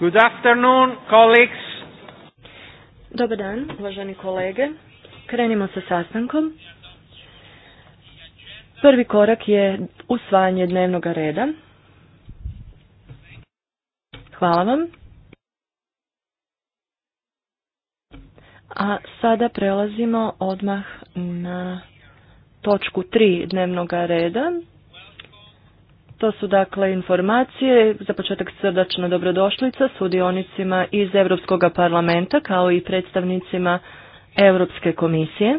Good afternoon, colleagues. Dobar dan, uvaženi kolege. Krenimo sa sastankom. Prvi korak je usvajanje dnevnog reda. Hvala vam. A sada prelazimo odmah na točku 3 dnevnog reda, to su dakle informacije, za početak srdačna dobrodošlica sudionicima iz Europskog parlamenta kao i predstavnicima Europske komisije,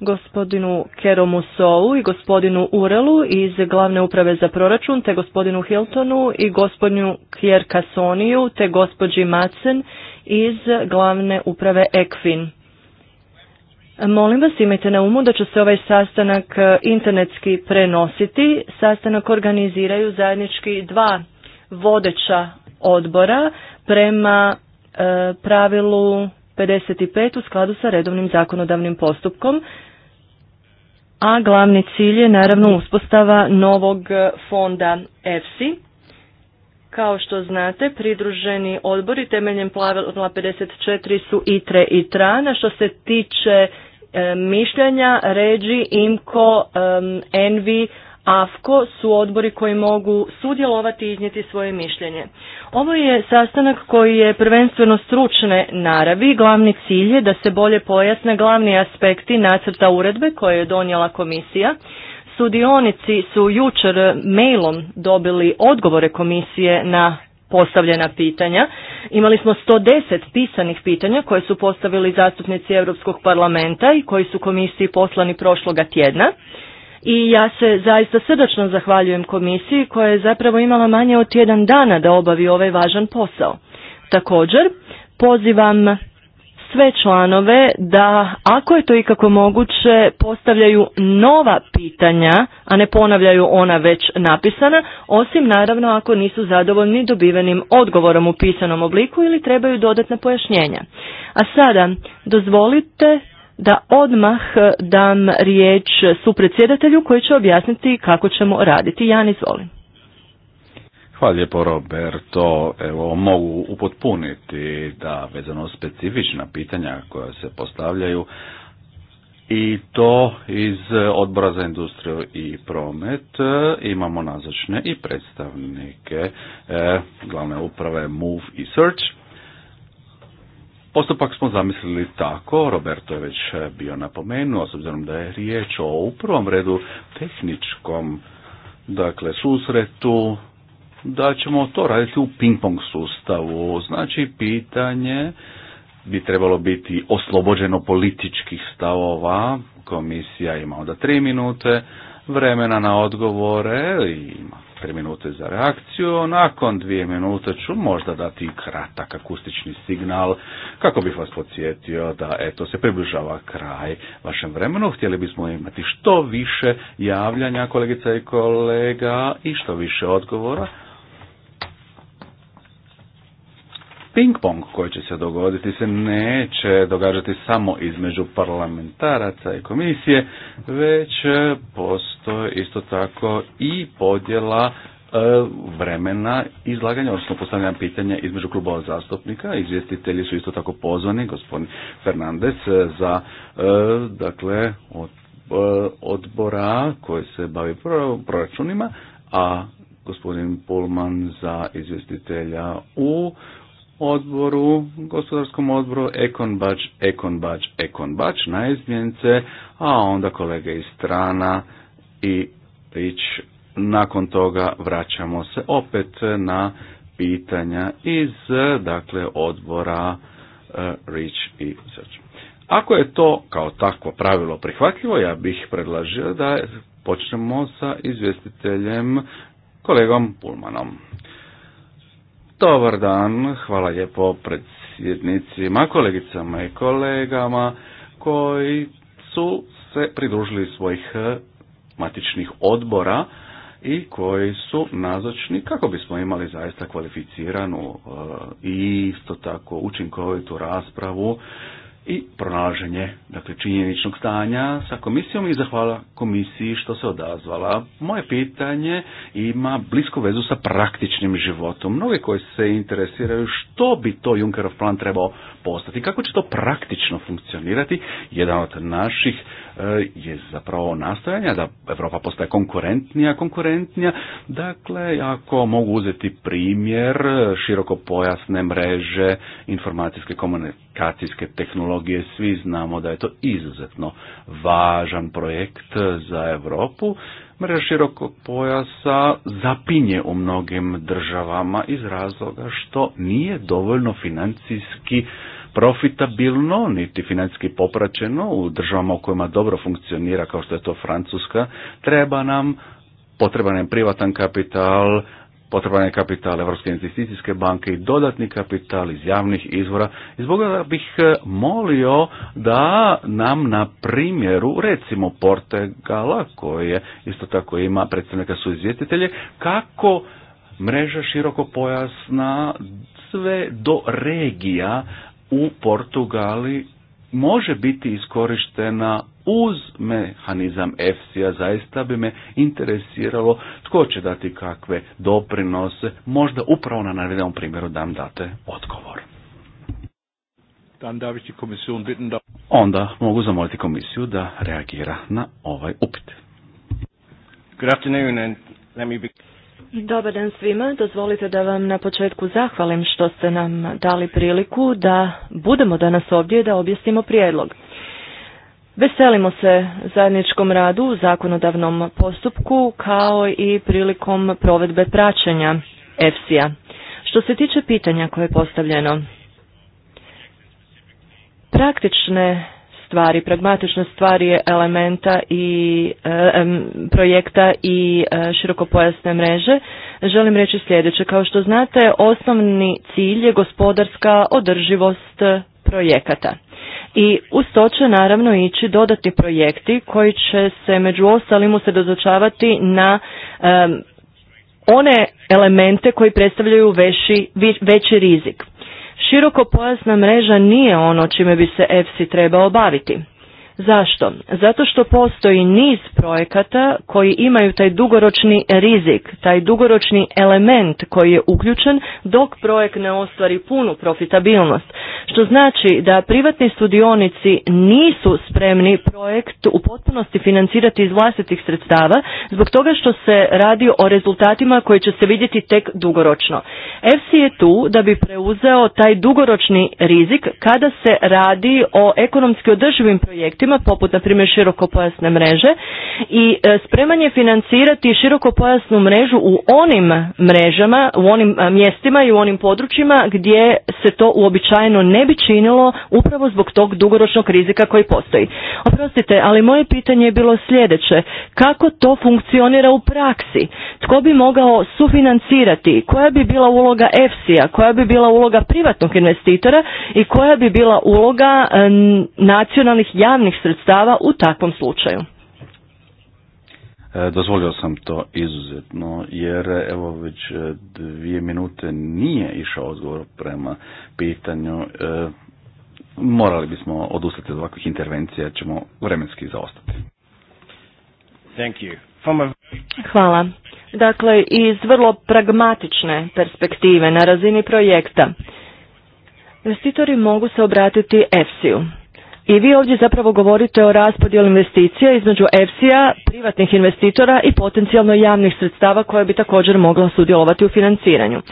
gospodinu Keromu Sou i gospodinu Urelu iz glavne uprave za proračun, te gospodinu Hiltonu i gospodinu Kjer te gospođi Macen iz glavne uprave Ekfin. Molim vas imajte na umu da će se ovaj sastanak e, internetski prenositi. Sastanak organiziraju zajednički dva vodeća odbora prema e, pravilu 55 u skladu sa redovnim zakonodavnim postupkom, a glavni cilj je naravno uspostava novog e, fonda EFSI. Kao što znate, pridruženi odbori temeljem pravila 54 su ITRE i tra na što se tiče E, mišljenja Ređi, Imko, e, Envi, AFKO su odbori koji mogu sudjelovati i iznijeti svoje mišljenje. Ovo je sastanak koji je prvenstveno stručne naravi. Glavni cilj je da se bolje pojasne glavni aspekti nacrta uredbe koje je donijela komisija. Sudionici su jučer mailom dobili odgovore komisije na postavljena pitanja. Imali smo 110 pisanih pitanja koje su postavili zastupnici Europskog parlamenta i koji su komisiji poslani prošloga tjedna. I ja se zaista srdačno zahvaljujem komisiji koja je zapravo imala manje od tjedan dana da obavi ovaj važan posao. Također, pozivam sve članove da ako je to ikako moguće postavljaju nova pitanja, a ne ponavljaju ona već napisana, osim naravno ako nisu zadovoljni dobivenim odgovorom u pisanom obliku ili trebaju dodatna pojašnjenja. A sada dozvolite da odmah dam riječ supredsjedatelju koji će objasniti kako ćemo raditi. Jan, izvolim. Hvala lijepo Roberto. Evo, mogu upotpuniti da vezano specifična pitanja koja se postavljaju i to iz odbora za industriju i promet imamo nazočne i predstavnike e, glavne uprave Move i Search. Postupak smo zamislili tako, Roberto je već bio napomenuo, s obzirom da je riječ o u prvom redu tehničkom dakle susretu da ćemo to raditi u ping-pong sustavu. Znači, pitanje bi trebalo biti oslobođeno političkih stavova. Komisija ima onda tri minute vremena na odgovore i ima tri minute za reakciju. Nakon dvije minute ću možda dati kratak akustični signal kako bih vas podsjetio da eto se približava kraj vašem vremenu. Htjeli bismo imati što više javljanja kolegica i kolega i što više odgovora. ping-pong koji će se dogoditi se neće događati samo između parlamentaraca i komisije, već e, postoje isto tako i podjela e, vremena izlaganja, odnosno postavljanja pitanja između klubova zastupnika. Izvjestitelji su isto tako pozvani, gospodin Fernandez, e, za dakle, odbora koji se bavi proračunima, a gospodin Pullman za izvjestitelja u odboru, gospodarskom odboru Ekonbač, Ekonbač, Ekonbač na izmjenice, a onda kolege iz strana i ić nakon toga vraćamo se opet na pitanja iz dakle odbora e, Rich i Search. Ako je to kao takvo pravilo prihvatljivo, ja bih predlažio da počnemo sa izvjestiteljem kolegom Pulmanom. Dobar dan, hvala lijepo predsjednicima, kolegicama i kolegama koji su se pridružili svojih eh, matičnih odbora i koji su nazočni kako bismo imali zaista kvalificiranu eh, i isto tako učinkovitu raspravu i pronalaženje dakle, činjeničnog stanja sa komisijom i zahvala komisiji što se odazvala. Moje pitanje ima blisku vezu sa praktičnim životom. Mnogi koji se interesiraju što bi to Junkerov plan trebao postati. Kako će to praktično funkcionirati? Jedan od naših e, je zapravo nastojanja da Europa postaje konkurentnija, konkurentnija. Dakle, ako mogu uzeti primjer široko pojasne mreže, informacijske komunikacijske tehnologije, svi znamo da je to izuzetno važan projekt za Europu Mreža širokog pojasa zapinje u mnogim državama iz razloga što nije dovoljno financijski profitabilno, niti financijski popraćeno u državama u kojima dobro funkcionira kao što je to Francuska, treba nam potreban je privatan kapital, potreban je kapital Evropske investicijske banke i dodatni kapital iz javnih izvora. I zbog da bih e, molio da nam na primjeru, recimo Portugala, koje isto tako ima predstavnika su izvjetitelje, kako mreža široko pojasna sve do regija u Portugali može biti iskorištena uz mehanizam EFSI-a, zaista bi me interesiralo tko će dati kakve doprinose, možda upravo na navedenom primjeru da nam date odgovor. Onda mogu zamoliti komisiju da reagira na ovaj upit. let Dobar dan svima. Dozvolite da vam na početku zahvalim što ste nam dali priliku da budemo danas ovdje i da objasnimo prijedlog. Veselimo se zajedničkom radu u zakonodavnom postupku kao i prilikom provedbe praćenja EFSI-a. Što se tiče pitanja koje je postavljeno, praktične stvari. Pragmatičnost stvari je elementa i e, projekta i e, širokopojasne mreže. Želim reći sljedeće. Kao što znate, osnovni cilj je gospodarska održivost projekata. I uz to će naravno ići dodatni projekti koji će se među ostalim usredozočavati na one elemente koji predstavljaju veći rizik. Širokopojasna mreža nije ono čime bi se EFSI trebao baviti. Zašto? Zato što postoji niz projekata koji imaju taj dugoročni rizik, taj dugoročni element koji je uključen dok projekt ne ostvari punu profitabilnost. Što znači da privatni studionici nisu spremni projekt u potpunosti financirati iz vlastitih sredstava zbog toga što se radi o rezultatima koji će se vidjeti tek dugoročno. FC je tu da bi preuzeo taj dugoročni rizik kada se radi o ekonomski održivim projektima područjima, poput na primjer širokopojasne mreže i e, spreman je financirati širokopojasnu mrežu u onim mrežama, u onim e, mjestima i u onim područjima gdje se to uobičajeno ne bi činilo upravo zbog tog dugoročnog rizika koji postoji. Oprostite, ali moje pitanje je bilo sljedeće. Kako to funkcionira u praksi? Tko bi mogao sufinancirati? Koja bi bila uloga EFSI-a? Koja bi bila uloga privatnog investitora? I koja bi bila uloga nacionalnih javnih sredstava u takvom slučaju. E, dozvolio sam to izuzetno, jer evo već e, dvije minute nije išao odgovor prema pitanju. E, morali bismo odustati od ovakvih intervencija, ćemo vremenski zaostati. Thank you. Hvala. Dakle, iz vrlo pragmatične perspektive na razini projekta, investitori mogu se obratiti EFSI-u. I vi ovdje zapravo govorite o raspodijelu investicija između EFSI-a, privatnih investitora i potencijalno javnih sredstava koja bi također mogla sudjelovati u financiranju.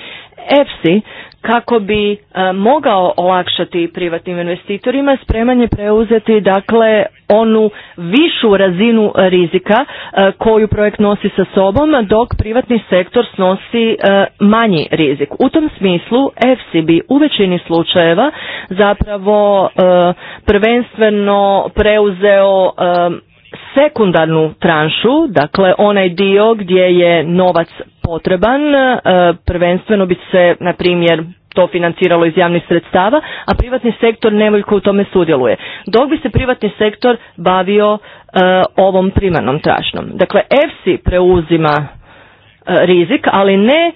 EFSI kako bi e, mogao olakšati privatnim investitorima spremanje preuzeti dakle onu višu razinu rizika e, koju projekt nosi sa sobom dok privatni sektor snosi e, manji rizik. U tom smislu EFSI bi u većini slučajeva zapravo prvenstveno preuzeo sekundarnu tranšu, dakle onaj dio gdje je novac potreban, e, prvenstveno bi se, na primjer, to financiralo iz javnih sredstava, a privatni sektor nevoljko u tome sudjeluje. Dok bi se privatni sektor bavio e, ovom primarnom tražnom. Dakle, EFSI preuzima e, rizik, ali ne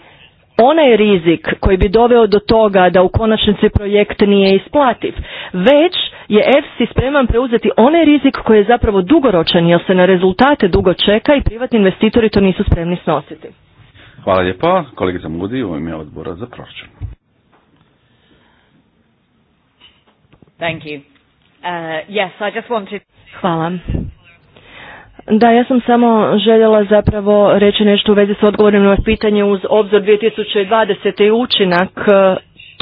onaj rizik koji bi doveo do toga da u konačnici projekt nije isplativ, već je EFSI spreman preuzeti onaj rizik koji je zapravo dugoročan jer se na rezultate dugo čeka i privatni investitori to nisu spremni snositi. Hvala lijepo. Kolegica Mudi u ime odbora za proračun. Thank you. Uh, yes, I just wanted... Hvala. Da, ja sam samo željela zapravo reći nešto u vezi s odgovorom na pitanje uz obzor 2020. i učinak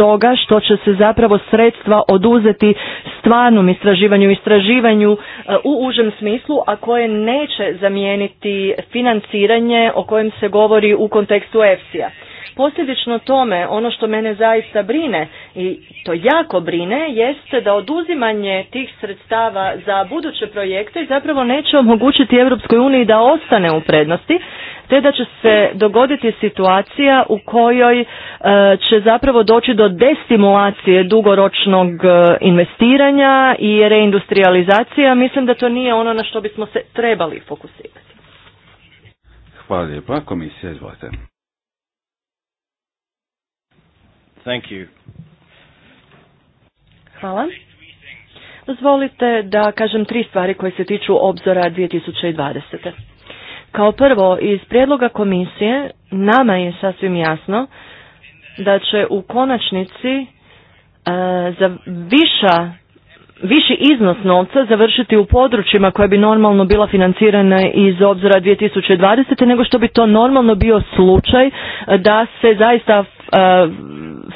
toga što će se zapravo sredstva oduzeti stvarnom istraživanju, istraživanju e, u užem smislu, a koje neće zamijeniti financiranje o kojem se govori u kontekstu EFSI-a. Posljedično tome, ono što mene zaista brine i to jako brine, jeste da oduzimanje tih sredstava za buduće projekte zapravo neće omogućiti Europskoj uniji da ostane u prednosti, te da će se dogoditi situacija u kojoj e, će zapravo doći do destimulacije dugoročnog e, investiranja i reindustrializacija. Mislim da to nije ono na što bismo se trebali fokusirati. Hvala lijepa. Komisija, izvolite. Thank you. Hvala. Dozvolite da kažem tri stvari koje se tiču obzora 2020. Kao prvo, iz prijedloga komisije nama je sasvim jasno da će u konačnici e, za viša viši iznos novca završiti u područjima koja bi normalno bila financirana iz obzora 2020. nego što bi to normalno bio slučaj e, da se zaista E,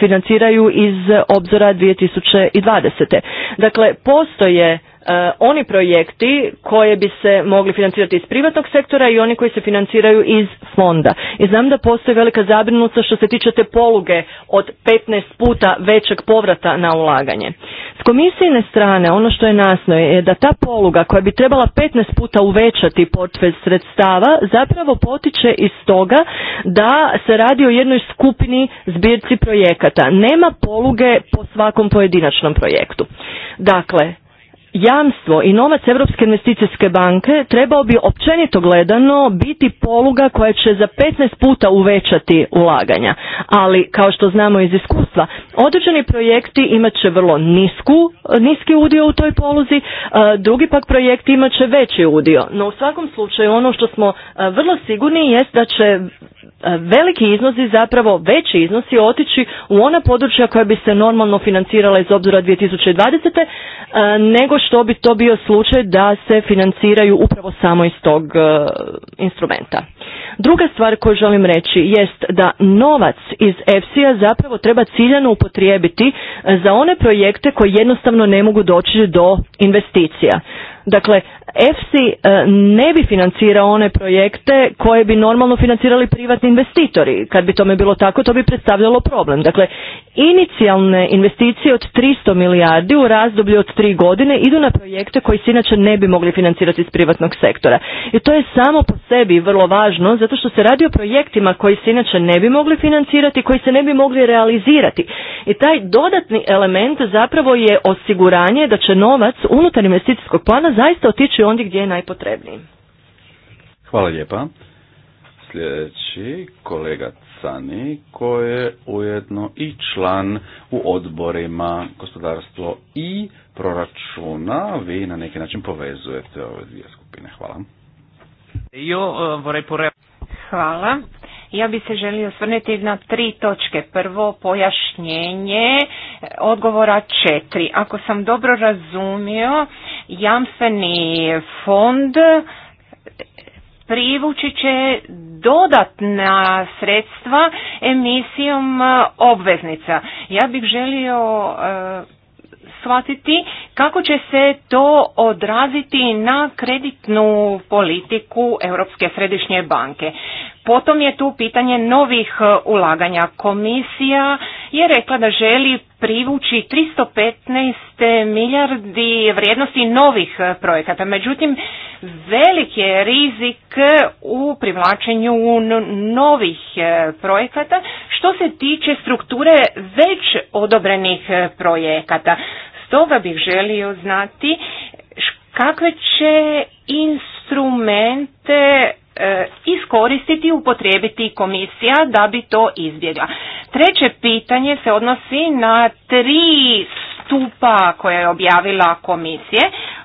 financiraju iz obzora 2020. Dakle, postoje E, oni projekti koje bi se mogli financirati iz privatnog sektora i oni koji se financiraju iz fonda. I znam da postoji velika zabrinuta što se tiče te poluge od 15 puta većeg povrata na ulaganje. S komisijne strane ono što je nasno je da ta poluga koja bi trebala 15 puta uvećati portfelj sredstava zapravo potiče iz toga da se radi o jednoj skupini zbirci projekata. Nema poluge po svakom pojedinačnom projektu. Dakle, jamstvo i novac Europske investicijske banke trebao bi općenito gledano biti poluga koja će za 15 puta uvećati ulaganja. Ali, kao što znamo iz iskustva, određeni projekti imat će vrlo nisku, niski udio u toj poluzi, e, drugi pak projekti imat će veći udio. No u svakom slučaju ono što smo e, vrlo sigurni jest da će e, veliki iznosi, zapravo veći iznosi otići u ona područja koja bi se normalno financirala iz obzora 2020. nego što bi to bio slučaj da se financiraju upravo samo iz tog e, instrumenta. Druga stvar koju želim reći jest da novac iz EFSI-a zapravo treba ciljano upotrijebiti za one projekte koji jednostavno ne mogu doći do investicija. Dakle, EFSI ne bi financirao one projekte koje bi normalno financirali privatni investitori. Kad bi tome bilo tako, to bi predstavljalo problem. Dakle, inicijalne investicije od 300 milijardi u razdoblju od tri godine idu na projekte koji se inače ne bi mogli financirati iz privatnog sektora. I to je samo po sebi vrlo važno zato što se radi o projektima koji se inače ne bi mogli financirati, koji se ne bi mogli realizirati. I taj dodatni element zapravo je osiguranje da će novac unutar investicijskog plana zaista otići ondje gdje je najpotrebniji. Hvala lijepa. Sljedeći kolega Cani koji je ujedno i član u odborima gospodarstvo i proračuna. Vi na neki način povezujete ove dvije skupine. Hvala. Eh, Hvala. Ja bi se želio osvrnuti na tri točke. Prvo pojašnjenje odgovora četiri. Ako sam dobro razumio, jamstveni fond privući će dodatna sredstva emisijom e, obveznica. Ja bih želio e, shvatiti kako će se to odraziti na kreditnu politiku Europske središnje banke. Potom je tu pitanje novih e, ulaganja. Komisija je rekla da želi privući 315 milijardi vrijednosti novih e, projekata. Međutim, velik je rizik u privlačenju novih e, projekata što se tiče strukture već odobrenih projekata. Stoga bih želio znati kakve će instrumente E, iskoristiti i upotrijebiti komisija da bi to izbjegla. Treće pitanje se odnosi na tri stupa koje je objavila komisije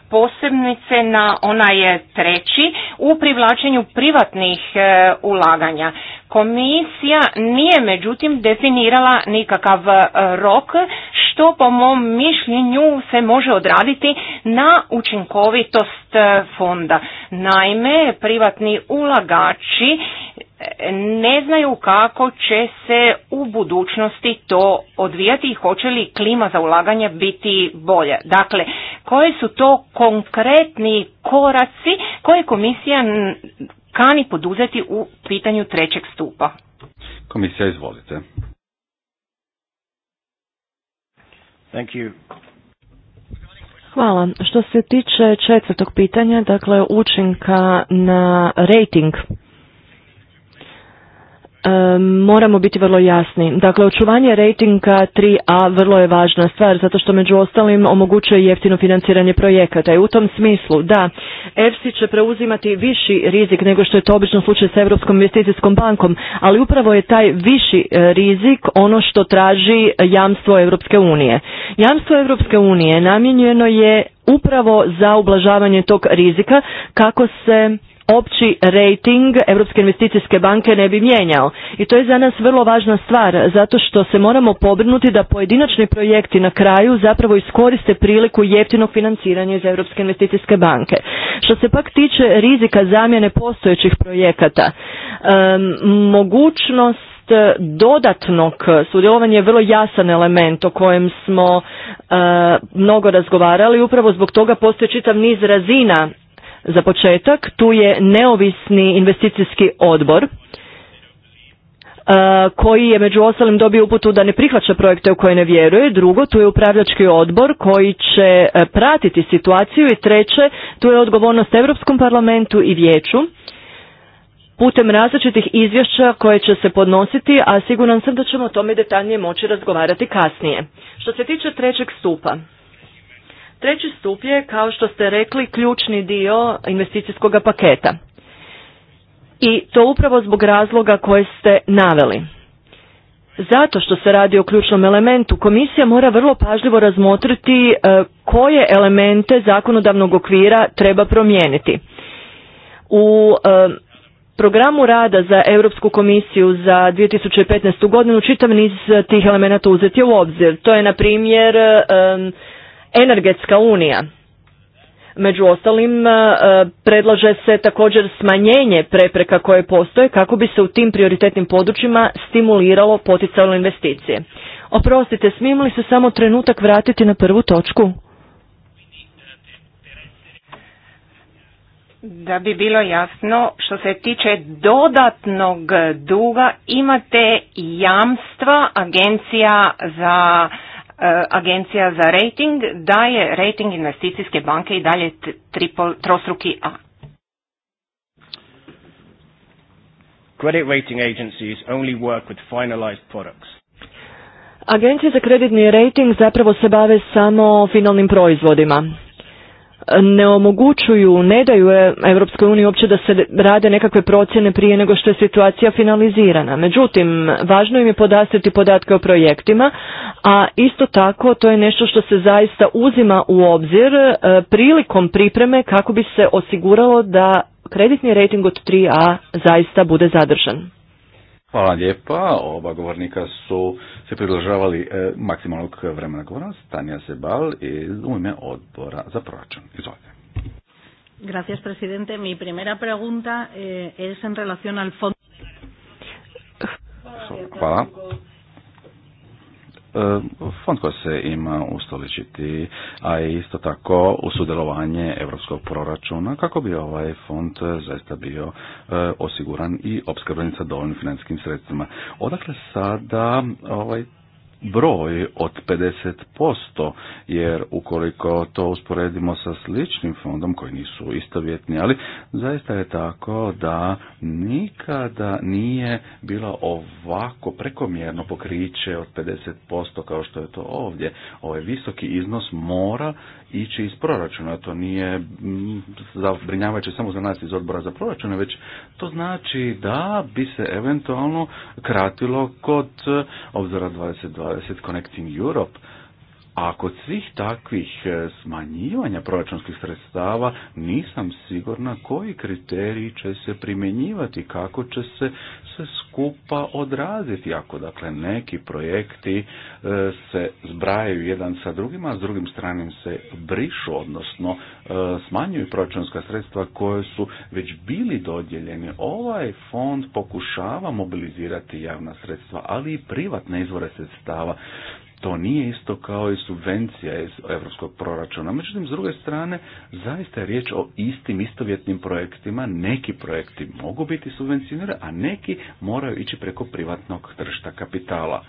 posebnice na onaj e, treći u privlačenju privatnih e, ulaganja. Komisija nije međutim definirala nikakav e, rok što po mom mišljenju se može odraditi na učinkovitost fonda. Naime, privatni ulagači ne znaju kako će se u budućnosti to odvijati i hoće li klima za ulaganje biti bolja. Dakle, koji su to konkretni koraci koje komisija kani poduzeti u pitanju trećeg stupa? Komisija, izvolite. Thank you. Hvala. Što se tiče četvrtog pitanja, dakle učinka na rating moramo biti vrlo jasni. Dakle, očuvanje rejtinga 3A vrlo je važna stvar, zato što među ostalim omogućuje jeftino financiranje projekata. I u tom smislu, da, EFSI će preuzimati viši rizik nego što je to obično slučaj s Europskom investicijskom bankom, ali upravo je taj viši e, rizik ono što traži jamstvo Europske unije. Jamstvo Europske unije namijenjeno je upravo za ublažavanje tog rizika kako se opći rating Europske investicijske banke ne bi mijenjao. I to je za nas vrlo važna stvar, zato što se moramo pobrinuti da pojedinačni projekti na kraju zapravo iskoriste priliku jeftinog financiranja iz Europske investicijske banke. Što se pak tiče rizika zamjene postojećih projekata, mogućnost dodatnog sudjelovanja je vrlo jasan element o kojem smo eh, mnogo razgovarali. Upravo zbog toga postoji čitav niz razina za početak, tu je neovisni investicijski odbor e, koji je među ostalim dobio uputu da ne prihvaća projekte u koje ne vjeruje. Drugo, tu je upravljački odbor koji će e, pratiti situaciju. I treće, tu je odgovornost Europskom parlamentu i vijeću putem različitih izvješća koje će se podnositi, a siguran sam da ćemo o tome detaljnije moći razgovarati kasnije. Što se tiče trećeg stupa, Treći stup je, kao što ste rekli, ključni dio investicijskog paketa. I to upravo zbog razloga koje ste naveli. Zato što se radi o ključnom elementu, komisija mora vrlo pažljivo razmotriti e, koje elemente zakonodavnog okvira treba promijeniti. U e, programu rada za Europsku komisiju za 2015. godinu čitav niz tih elemenata uzeti u obzir. To je, na primjer, e, energetska unija. Među ostalim e, e, predlaže se također smanjenje prepreka koje postoje kako bi se u tim prioritetnim područjima stimuliralo poticalo investicije. Oprostite, smijemo li se samo trenutak vratiti na prvu točku? Da bi bilo jasno, što se tiče dodatnog duga, imate jamstva agencija za Eh, agencija za rating daje rating investicijske banke i dalje triple, trostruki A. Credit rating agencies only work with finalized products. Agencije za kreditni rating zapravo se bave samo finalnim proizvodima ne omogućuju, ne daju EU uniji uopće da se rade nekakve procjene prije nego što je situacija finalizirana. Međutim, važno im je podastiti podatke o projektima, a isto tako to je nešto što se zaista uzima u obzir e, prilikom pripreme kako bi se osiguralo da kreditni rating od 3A zaista bude zadržan. Hvala lijepa. Oba govornika su se pridržavali e, maksimalnog vremena govora. Stanja Sebal iz u ime odbora za proračun. Izvolite. Gracias, presidente. Mi primera pregunta eh, es en relación al fondo. Hvala. E, fond koji se ima ustoličiti, a isto tako u sudjelovanje europskog proračuna kako bi ovaj fond zaista bio e, osiguran i opskrbljen sa dovoljnim financijskim sredstvima. Odakle sada ovaj broj od 50%, jer ukoliko to usporedimo sa sličnim fondom, koji nisu istovjetni, ali zaista je tako da nikada nije bilo ovako prekomjerno pokriće od 50% kao što je to ovdje. Ovaj visoki iznos mora ići iz proračuna. To nije mm, zabrinjavajuće samo za nas iz odbora za proračune, već to znači da bi se eventualno kratilo kod eh, obzora 2020 Connecting Europe a kod svih takvih e, smanjivanja proračunskih sredstava nisam sigurna koji kriteriji će se primjenjivati, kako će se sve skupa odraziti. Ako dakle neki projekti e, se zbrajaju jedan sa drugima, a s drugim stranim se brišu, odnosno e, smanjuju proračunska sredstva koje su već bili dodjeljeni. Ovaj fond pokušava mobilizirati javna sredstva, ali i privatne izvore sredstava. To nije isto kao i subvencija iz europskog proračuna. Međutim, s druge strane, zaista je riječ o istim, istovjetnim projektima. Neki projekti mogu biti subvencionirani, a neki moraju ići preko privatnog tržišta kapitala.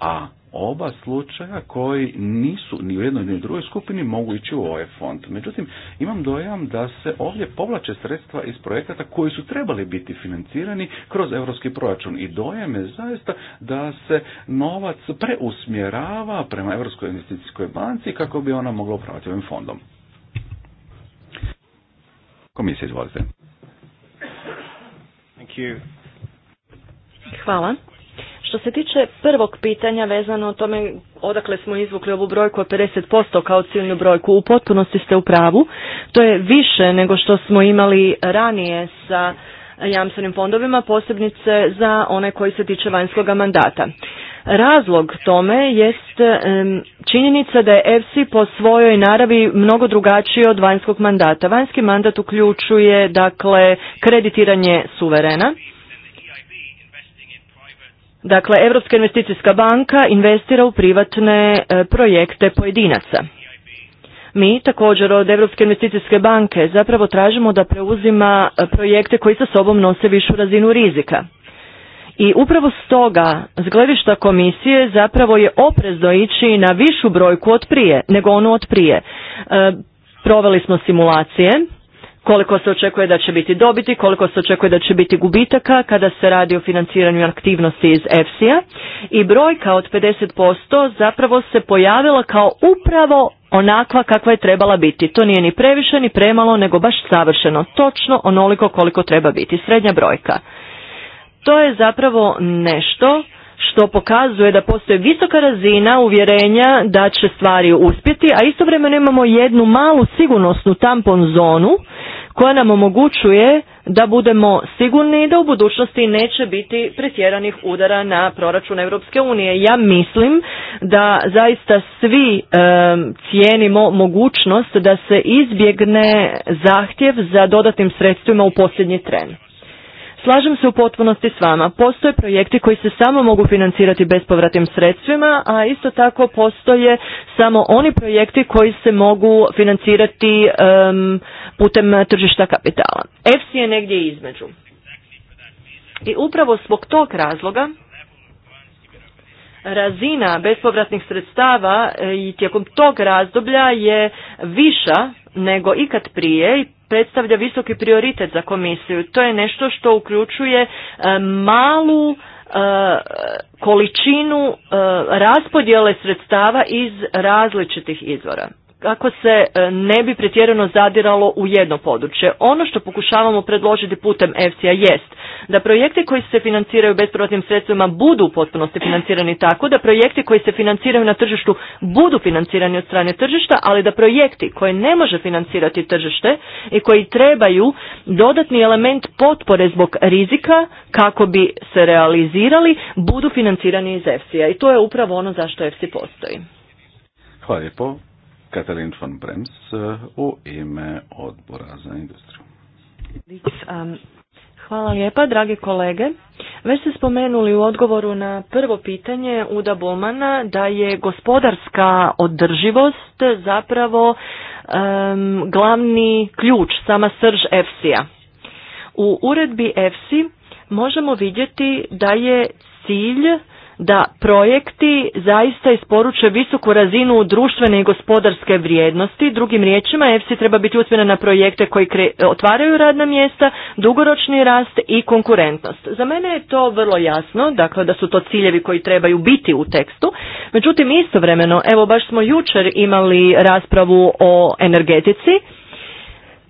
A oba slučaja koji nisu ni u jednoj ni u drugoj skupini mogu ići u ovaj fond. Međutim, imam dojam da se ovdje povlače sredstva iz projekata koji su trebali biti financirani kroz europski proračun i dojam je zaista da se novac preusmjerava prema Europskoj investicijskoj banci kako bi ona mogla upravljati ovim fondom. Komisija, izvolite. Hvala. Što se tiče prvog pitanja vezano o tome odakle smo izvukli ovu brojku od 50% kao ciljnu brojku, u potpunosti ste u pravu. To je više nego što smo imali ranije sa jamstvenim fondovima, posebnice za one koji se tiče vanjskog mandata. Razlog tome jest činjenica da je EFSI po svojoj naravi mnogo drugačiji od vanjskog mandata. Vanjski mandat uključuje dakle kreditiranje suverena, Dakle, Europska investicijska banka investira u privatne e, projekte pojedinaca. Mi također od Europske investicijske banke zapravo tražimo da preuzima e, projekte koji sa sobom nose višu razinu rizika. I upravo stoga zgledišta komisije zapravo je oprezno ići na višu brojku od prije, nego onu od prije. E, proveli smo simulacije koliko se očekuje da će biti dobiti, koliko se očekuje da će biti gubitaka kada se radi o financiranju aktivnosti iz EFSI-a i brojka od 50% zapravo se pojavila kao upravo onakva kakva je trebala biti. To nije ni previše ni premalo nego baš savršeno, točno onoliko koliko treba biti, srednja brojka. To je zapravo nešto što pokazuje da postoji visoka razina uvjerenja da će stvari uspjeti, a istovremeno imamo jednu malu sigurnosnu tampon zonu koja nam omogućuje da budemo sigurni i da u budućnosti neće biti pretjeranih udara na proračun Europske unije. Ja mislim da zaista svi cijenimo mogućnost da se izbjegne zahtjev za dodatnim sredstvima u posljednji tren. Slažem se u potpunosti s vama. Postoje projekti koji se samo mogu financirati bespovratnim sredstvima, a isto tako postoje samo oni projekti koji se mogu financirati putem tržišta kapitala. EFSI je negdje između. I upravo zbog tog razloga razina bespovratnih sredstava eh, i tijekom tog razdoblja je viša nego ikad prije i predstavlja visoki prioritet za komisiju. To je nešto što uključuje e, malu e, količinu e, raspodjele sredstava iz različitih izvora kako se e, ne bi pretjerano zadiralo u jedno područje. Ono što pokušavamo predložiti putem EFSI-a jest da projekte koji se financiraju bespovratnim sredstvima budu u potpunosti financirani tako, da projekti koji se financiraju na tržištu budu financirani od strane tržišta, ali da projekti koje ne može financirati tržište i koji trebaju dodatni element potpore zbog rizika kako bi se realizirali, budu financirani iz EFSI-a i to je upravo ono zašto EFSI postoji. Hvala lijepo. Katalin von Brems e, u ime odbora za industriju. Um, hvala lijepa, dragi kolege. Već ste spomenuli u odgovoru na prvo pitanje Uda Bomana, da je gospodarska održivost zapravo um, glavni ključ, sama srž EFSI-a. U uredbi EFSI možemo vidjeti da je cilj da projekti zaista isporuče visoku razinu društvene i gospodarske vrijednosti. Drugim riječima, EFSI treba biti usmjerena na projekte koji kre, otvaraju radna mjesta, dugoročni rast i konkurentnost. Za mene je to vrlo jasno, dakle da su to ciljevi koji trebaju biti u tekstu. Međutim, istovremeno, evo baš smo jučer imali raspravu o energetici,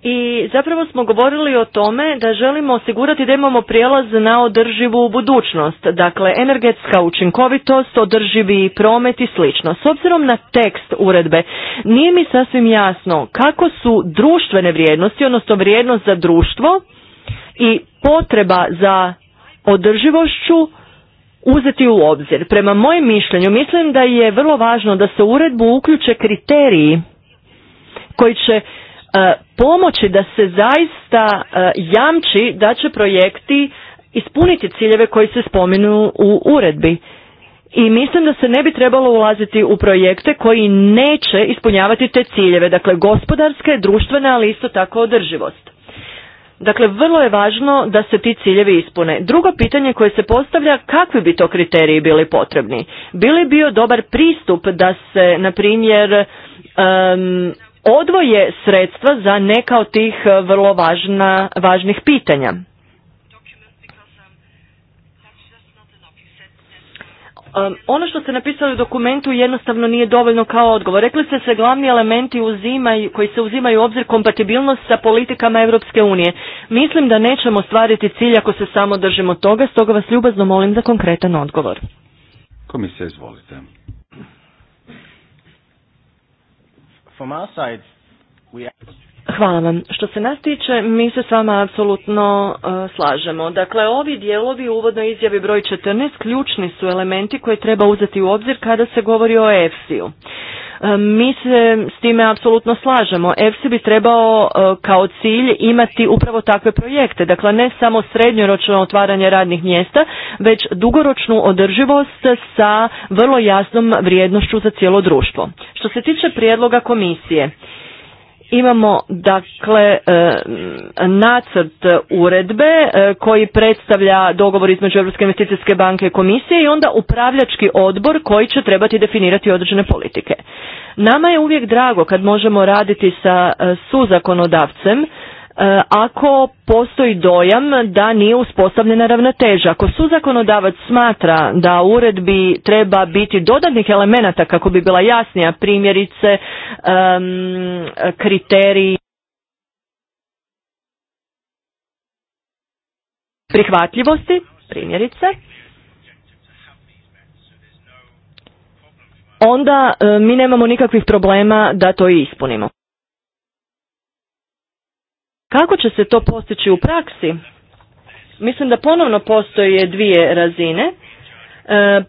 i zapravo smo govorili o tome da želimo osigurati da imamo prijelaz na održivu budućnost, dakle energetska učinkovitost, održivi promet i slično. S obzirom na tekst uredbe, nije mi sasvim jasno kako su društvene vrijednosti, odnosno vrijednost za društvo i potreba za održivošću uzeti u obzir. Prema mojem mišljenju, mislim da je vrlo važno da se u uredbu uključe kriteriji koji će E, pomoći da se zaista e, jamči da će projekti ispuniti ciljeve koji se spominu u uredbi. I mislim da se ne bi trebalo ulaziti u projekte koji neće ispunjavati te ciljeve, dakle gospodarske, društvene, ali isto tako održivost. Dakle, vrlo je važno da se ti ciljevi ispune. Drugo pitanje koje se postavlja, kakvi bi to kriteriji bili potrebni? Bili bio dobar pristup da se, na primjer, odvoje sredstva za neka od tih e, vrlo važna, važnih pitanja. Ono što ste napisali u dokumentu jednostavno nije dovoljno kao odgovor. Rekli ste se glavni elementi koji se uzimaju u obzir kompatibilnost sa politikama Europske unije. Mislim da nećemo ostvariti cilj ako se samo držimo toga, stoga vas ljubazno molim za konkretan odgovor. Komisija, izvolite. From our side, we... Hvala vam. Što se nas tiče, mi se s vama apsolutno e, slažemo. Dakle, ovi dijelovi u uvodnoj izjavi broj 14 ključni su elementi koje treba uzeti u obzir kada se govori o EFSI-u. E, mi se s time apsolutno slažemo. EFSI bi trebao e, kao cilj imati upravo takve projekte. Dakle, ne samo srednjoročno otvaranje radnih mjesta, već dugoročnu održivost sa vrlo jasnom vrijednošću za cijelo društvo. Što se tiče prijedloga komisije, Imamo dakle e, nacrt uredbe e, koji predstavlja dogovor između Europske investicijske banke i komisije i onda upravljački odbor koji će trebati definirati određene politike. Nama je uvijek drago kad možemo raditi sa e, suzakonodavcem E, ako postoji dojam da nije uspostavljena ravnoteža. Ako su smatra da uredbi treba biti dodatnih elemenata kako bi bila jasnija primjerice kriteriji prihvatljivosti, primjerice, onda e, mi nemamo nikakvih problema da to i ispunimo. Kako će se to postići u praksi? Mislim da ponovno postoje dvije razine. E,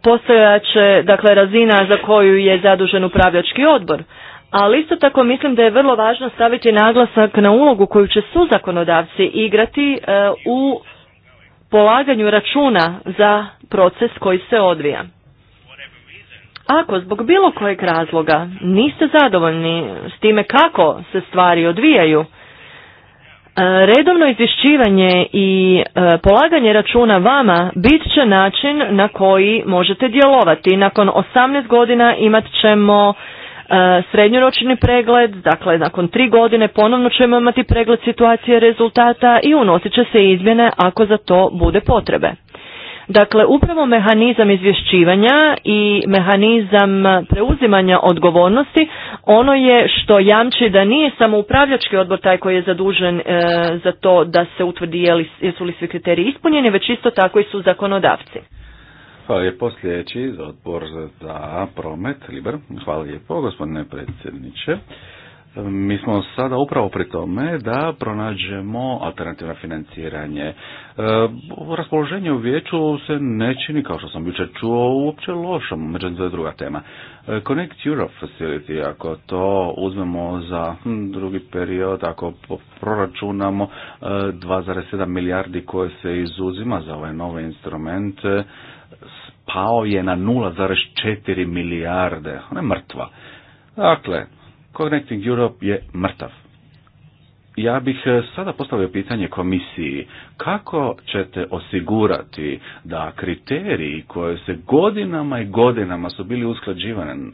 će dakle, razina za koju je zadužen upravljački odbor. Ali isto tako mislim da je vrlo važno staviti naglasak na ulogu koju će su zakonodavci igrati e, u polaganju računa za proces koji se odvija. Ako zbog bilo kojeg razloga niste zadovoljni s time kako se stvari odvijaju, E, redovno izvješćivanje i e, polaganje računa vama bit će način na koji možete djelovati. Nakon 18 godina imat ćemo e, srednjoročni pregled, dakle nakon tri godine ponovno ćemo imati pregled situacije rezultata i unosit će se izmjene ako za to bude potrebe. Dakle, upravo mehanizam izvješćivanja i mehanizam preuzimanja odgovornosti ono je što jamči da nije samo upravljački odbor taj koji je zadužen e, za to da se utvrdi je li, jesu li svi kriteriji ispunjeni, već isto tako i su zakonodavci. Hvala lijepo sljedeći za odbor za promet, Liber. Hvala lijepo gospodine predsjedniče. Mi smo sada upravo pri tome da pronađemo alternativno financiranje. U e, raspoloženje u vijeću se ne čini, kao što sam jučer čuo, uopće lošom, međutim to je druga tema. E, Connect Europe Facility, ako to uzmemo za hm, drugi period, ako proračunamo 2,7 e, milijardi koje se izuzima za ovaj novi instrument, spao je na 0,4 milijarde. Ona je mrtva. Dakle, Connecting Europe je mrtav. Ja bih e, sada postavio pitanje komisiji. Kako ćete osigurati da kriteriji koje se godinama i godinama su bili usklađivani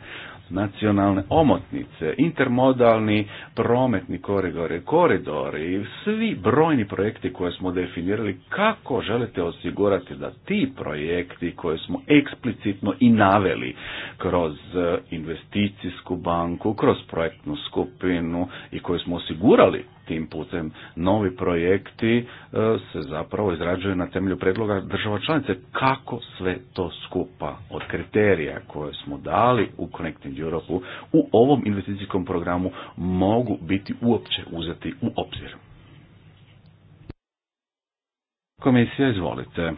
nacionalne omotnice, intermodalni prometni koridori, koridori, svi brojni projekti koje smo definirali, kako želite osigurati da ti projekti koje smo eksplicitno i naveli kroz eh, investicijsku banku, kroz projektnu skupinu i koje smo osigurali tim putem. Novi projekti e, se zapravo izrađuju na temelju predloga država članice. Kako sve to skupa od kriterija koje smo dali u Connecting Europe -u, ovom investicijskom programu mogu biti uopće uzeti u obzir? Komisija, izvolite.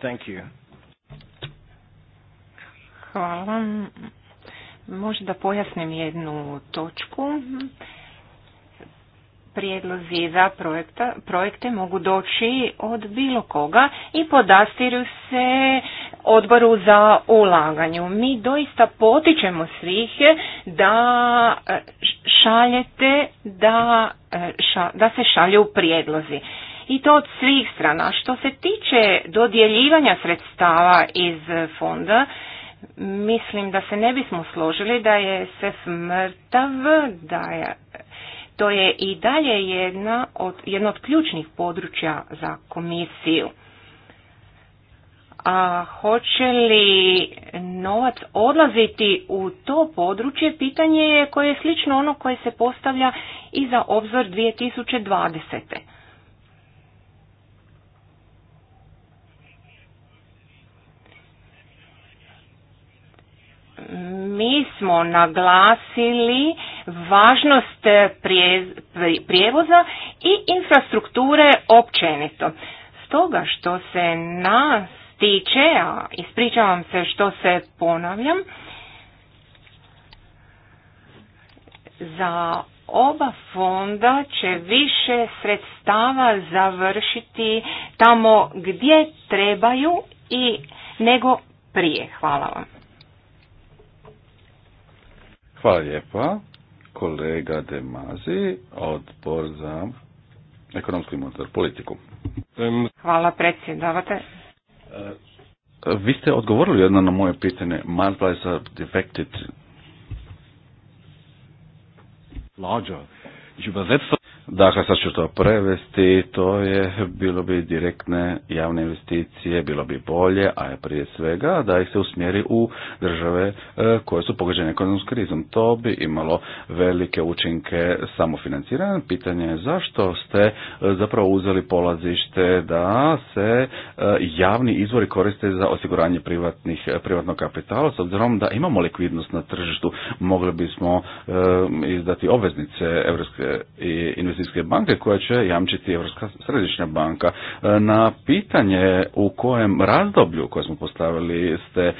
Thank you. Hvala vam. Možda pojasnim jednu točku. Prijedlozi za projekta, projekte mogu doći od bilo koga i podastiru se odboru za ulaganju. Mi doista potičemo svih da e, šaljete, da, e, da se šalju prijedlozi i to od svih strana. Što se tiče dodjeljivanja sredstava iz fonda, mislim da se ne bismo složili da je se mrtav, da je, to je i dalje jedna od, jedno od ključnih područja za komisiju. A hoće li novac odlaziti u to područje, pitanje je koje je slično ono koje se postavlja i za obzor 2020. mi smo naglasili važnost prijevoza i infrastrukture općenito. Stoga što se nas tiče, a ispričavam se što se ponavljam, za oba fonda će više sredstava završiti tamo gdje trebaju i nego prije. Hvala vam. Hvala lijepa. Kolega Demazi, odbor za ekonomsku i monetarnu politiku. Hvala predsjedavate. E, vi ste odgovorili jedno na moje pitanje. mal za defected. Larger. Dakle, sad ću to prevesti, to je, bilo bi direktne javne investicije, bilo bi bolje, a je prije svega da ih se usmjeri u države e, koje su pogođene ekonomskom krizom. To bi imalo velike učinke samofinanciranja. Pitanje je zašto ste e, zapravo uzeli polazište da se e, javni izvori koriste za osiguranje privatnih, privatnog kapitala, s obzirom da imamo likvidnost na tržištu, mogli bismo izdati obveznice Europske investicije investicijske banke koja će jamčiti Europska središnja banka. E, na pitanje u kojem razdoblju koje smo postavili ste e,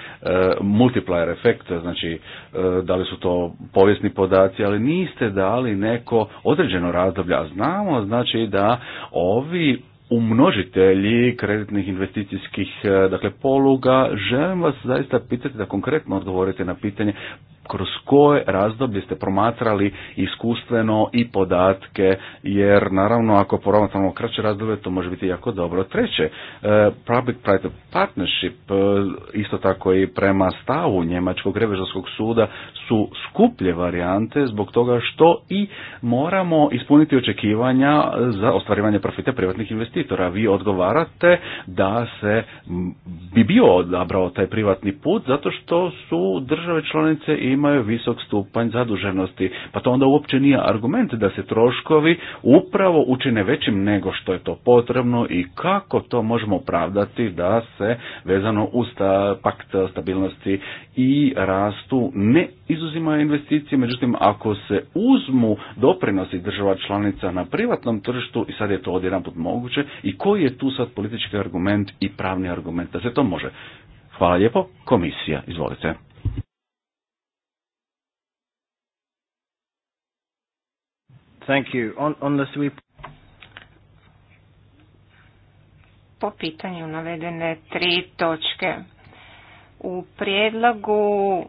multiplier efekt, znači e, da li su to povijesni podaci, ali niste dali neko određeno razdoblje, a znamo znači da ovi umnožitelji kreditnih investicijskih dakle poluga, želim vas zaista pitati da konkretno odgovorite na pitanje kroz koje razdoblje ste promatrali iskustveno i podatke, jer naravno ako promatramo kraće razdoblje to može biti jako dobro. Treće, e, public private partnership, e, isto tako i prema stavu Njemačkog revizorskog suda su skuplje varijante zbog toga što i moramo ispuniti očekivanja za ostvarivanje profita privatnih investitora. Vi odgovarate da se bi bio odabrao taj privatni put zato što su države članice i imaju visok stupanj zaduženosti. Pa to onda uopće nije argument da se troškovi upravo učine većim nego što je to potrebno i kako to možemo opravdati da se vezano uz pakt stabilnosti i rastu ne izuzimaju investicije, međutim ako se uzmu doprinosi država članica na privatnom tržištu i sad je to odjedanput moguće i koji je tu sad politički argument i pravni argument da se to može. Hvala lijepo. Komisija, izvolite. Thank you. On, Po pitanju navedene tri točke. U prijedlogu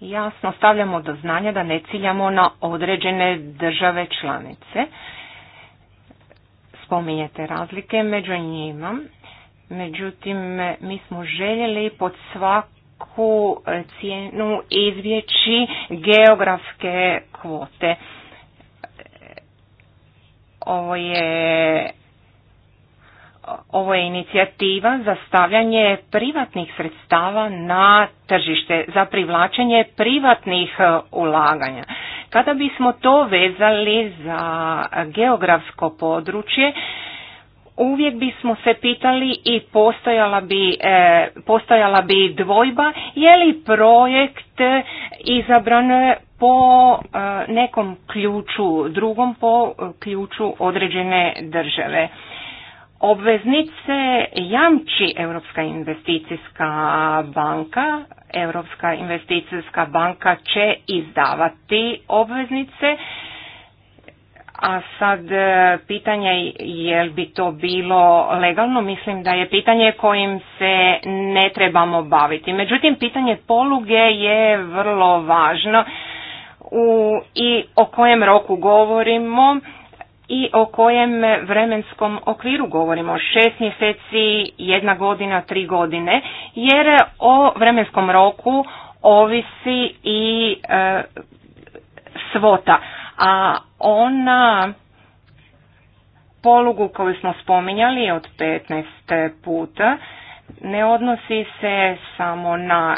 jasno stavljamo do znanja da ne ciljamo na određene države članice. Spominjete razlike među njima. Međutim, mi smo željeli pod svaku cijenu izvjeći geografske kvote. Ovo je ovo je inicijativa za stavljanje privatnih sredstava na tržište, za privlačenje privatnih e, ulaganja. Kada bismo to vezali za geografsko područje, uvijek bismo se pitali i postojala bi, e, bi dvojba je li projekt izabran po e, nekom ključu, drugom po ključu određene države. Obveznice jamči Europska investicijska banka. Europska investicijska banka će izdavati obveznice a sad e, pitanje je li bi to bilo legalno, mislim da je pitanje kojim se ne trebamo baviti. Međutim, pitanje poluge je vrlo važno u, i o kojem roku govorimo i o kojem vremenskom okviru govorimo, šest mjeseci, jedna godina, tri godine, jer o vremenskom roku ovisi i e, svota a ona polugu koju smo spominjali od 15 puta ne odnosi se samo na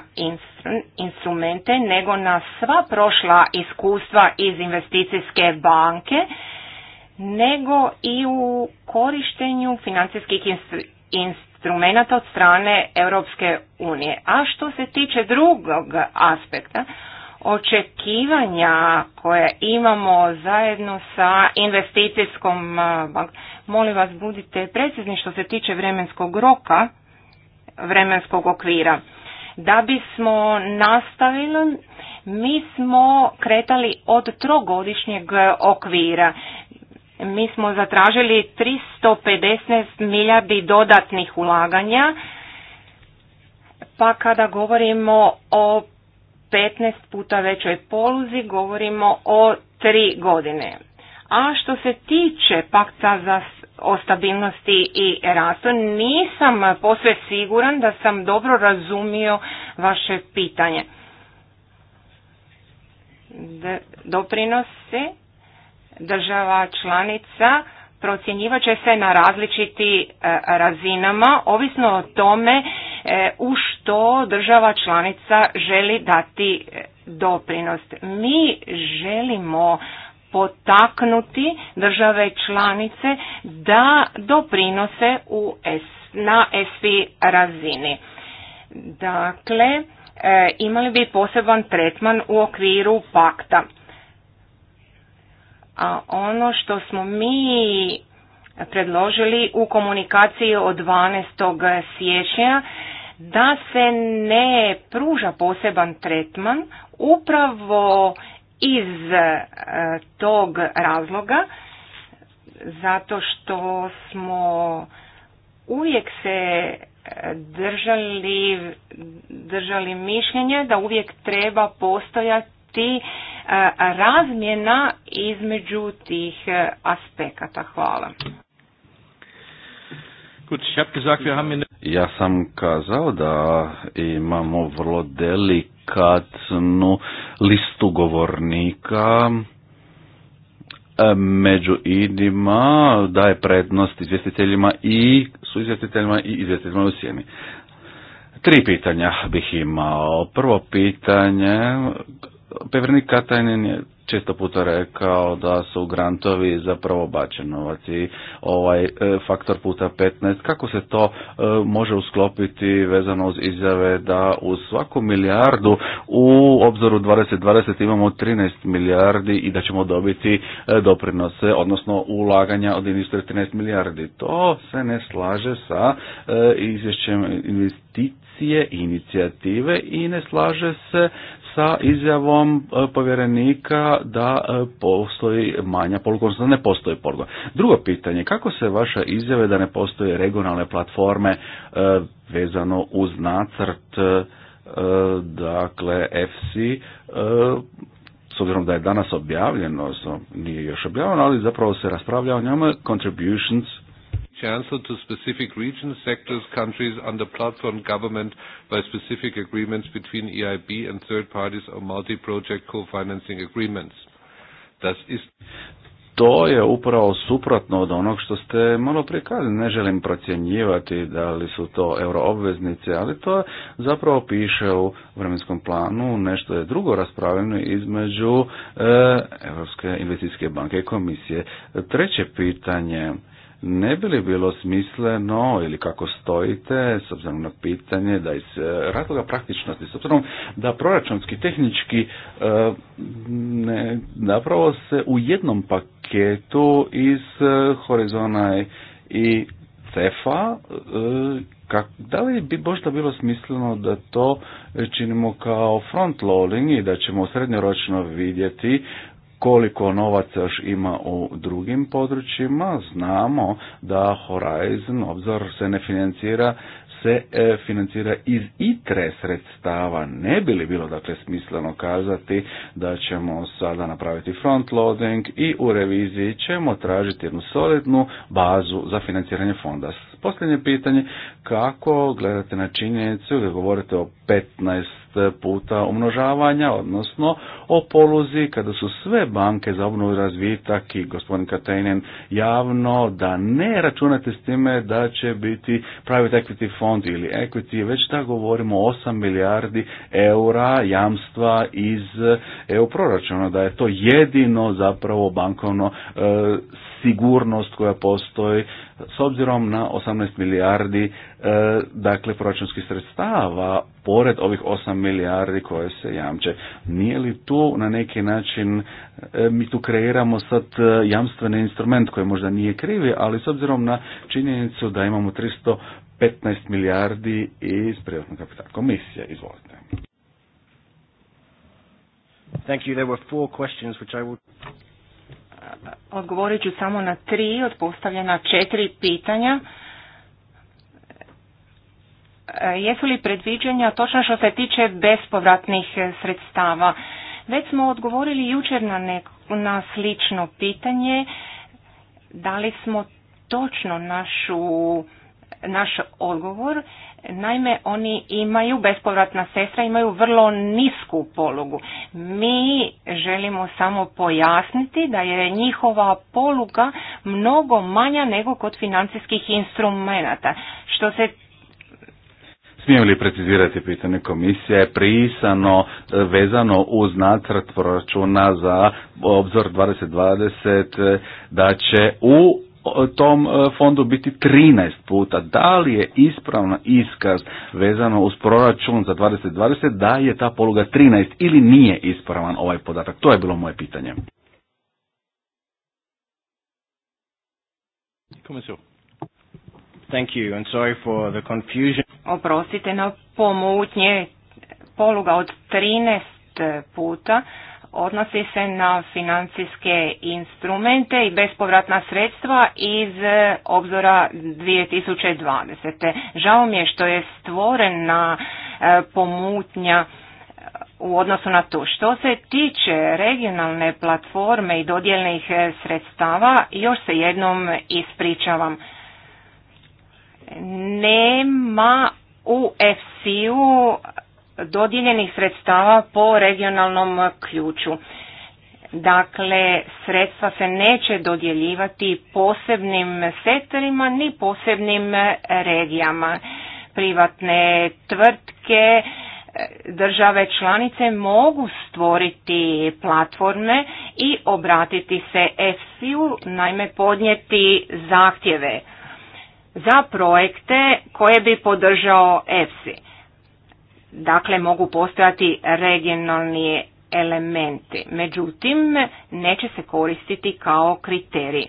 instrumente, nego na sva prošla iskustva iz investicijske banke, nego i u korištenju financijskih instrumenata od strane Europske unije. A što se tiče drugog aspekta, očekivanja koje imamo zajedno sa investicijskom eh, bankom. Molim vas, budite precizni što se tiče vremenskog roka, vremenskog okvira. Da bismo nastavili, mi smo kretali od trogodišnjeg okvira. Mi smo zatražili 315 milijardi dodatnih ulaganja, pa kada govorimo o 15 puta većoj poluzi govorimo o 3 godine. A što se tiče pakta za o stabilnosti i rastu, nisam posve siguran da sam dobro razumio vaše pitanje. doprinose država članica procjenjivat će se na različiti e, razinama, ovisno o tome e, u što država članica želi dati e, doprinost. Mi želimo potaknuti države članice da doprinose u na ESI razini. Dakle, imali bi poseban tretman u okviru pakta. A ono što smo mi predložili u komunikaciji od 12. siječnja da se ne pruža poseban tretman upravo iz e, tog razloga zato što smo uvijek se e, držali, držali mišljenje da uvijek treba postojati biti e, razmjena između tih e, aspekata. Hvala. Ja sam kazao da imamo vrlo delikatnu listu govornika e, među idima daje prednost izvjestiteljima i su izvjestiteljima i izvjestiteljima u sjeni. Tri pitanja bih imao. Prvo pitanje, Pevrenik Katajnin je često puta rekao da su grantovi zapravo bačen novac i ovaj e, faktor puta 15. Kako se to e, može usklopiti vezano uz izjave da u svaku milijardu u obzoru 2020 imamo 13 milijardi i da ćemo dobiti e, doprinose, odnosno ulaganja od industrije 13 milijardi. To se ne slaže sa izvješćem investicije i inicijative i ne slaže se sa izjavom e, povjerenika da e, postoji manja poluga, da ne postoji poluga. Drugo pitanje, kako se vaša izjave da ne postoje regionalne platforme e, vezano uz nacrt dakle FC s obzirom da je danas objavljeno, nije još objavljeno, ali zapravo se raspravlja o njome, contributions chancellor to specific regions, sectors, countries under platform government by specific agreements between EIB and third parties or multi-project co-financing agreements. Das ist to je upravo suprotno od onog što ste malo prikazali. Ne želim procjenjivati da li su to euroobveznice, ali to zapravo piše u vremenskom planu. Nešto je drugo raspravljeno između eh, Europske investicijske banke i komisije. Treće pitanje ne bi li bilo smisleno ili kako stojite, s obzirom na pitanje da iz e, razloga praktičnosti, s obzirom da proračunski, tehnički e, ne, napravo se u jednom paketu iz e, Horizona i CEFA da li bi možda bilo smisleno da to činimo kao front loading i da ćemo srednjoročno vidjeti koliko novaca još ima u drugim područjima. Znamo da Horizon obzor se ne financira se e, financira iz ITRE sredstava. Ne bi li bilo dakle smisleno kazati da ćemo sada napraviti front loading i u reviziji ćemo tražiti jednu solidnu bazu za financiranje fonda posljednje pitanje, kako gledate na činjenicu da govorite o 15 puta umnožavanja, odnosno o poluzi kada su sve banke za obnovu i razvitak i gospodin Katajnen javno da ne računate s time da će biti private equity fond ili equity, već da govorimo o 8 milijardi eura jamstva iz EU proračuna, da je to jedino zapravo bankovno e, sigurnost koja postoji s obzirom na 18 milijardi e, dakle proračunskih sredstava pored ovih 8 milijardi koje se jamče. Nije li tu na neki način e, mi tu kreiramo sad e, jamstveni instrument koji možda nije krivi, ali s obzirom na činjenicu da imamo 315 milijardi iz privatnog kapitala. Komisija, izvolite. Thank you. There were four questions which I will odgovorit ću samo na tri od postavljena četiri pitanja. E, jesu li predviđenja točno što se tiče bespovratnih sredstava? Već smo odgovorili jučer na, neko, na slično pitanje. li smo točno našu, naš odgovor. Naime, oni imaju, bespovratna sestra imaju vrlo nisku polugu. Mi želimo samo pojasniti da je njihova poluga mnogo manja nego kod financijskih instrumenata. Što se Smijem li precizirati pitanje komisije prisano vezano uz nacrt proračuna za obzor 2020 da će u tom e, fondu biti 13 puta. Da li je ispravna iskaz vezano uz proračun za 2020 da je ta poluga 13 ili nije ispravan ovaj podatak? To je bilo moje pitanje. Thank you and sorry for the confusion. Oprostite na pomutnje. Poluga od 13 puta odnosi se na financijske instrumente i bespovratna sredstva iz e, obzora 2020. Žao mi je što je stvorena e, pomutnja e, u odnosu na to. Što se tiče regionalne platforme i dodjelnih sredstava, još se jednom ispričavam. Nema u FC-u dodijeljenih sredstava po regionalnom ključu. Dakle, sredstva se neće dodjeljivati posebnim sektorima ni posebnim regijama. Privatne tvrtke, države članice mogu stvoriti platforme i obratiti se EFSI-u, naime podnijeti zahtjeve za projekte koje bi podržao EFSI dakle mogu postojati regionalni elementi. Međutim, neće se koristiti kao kriterij.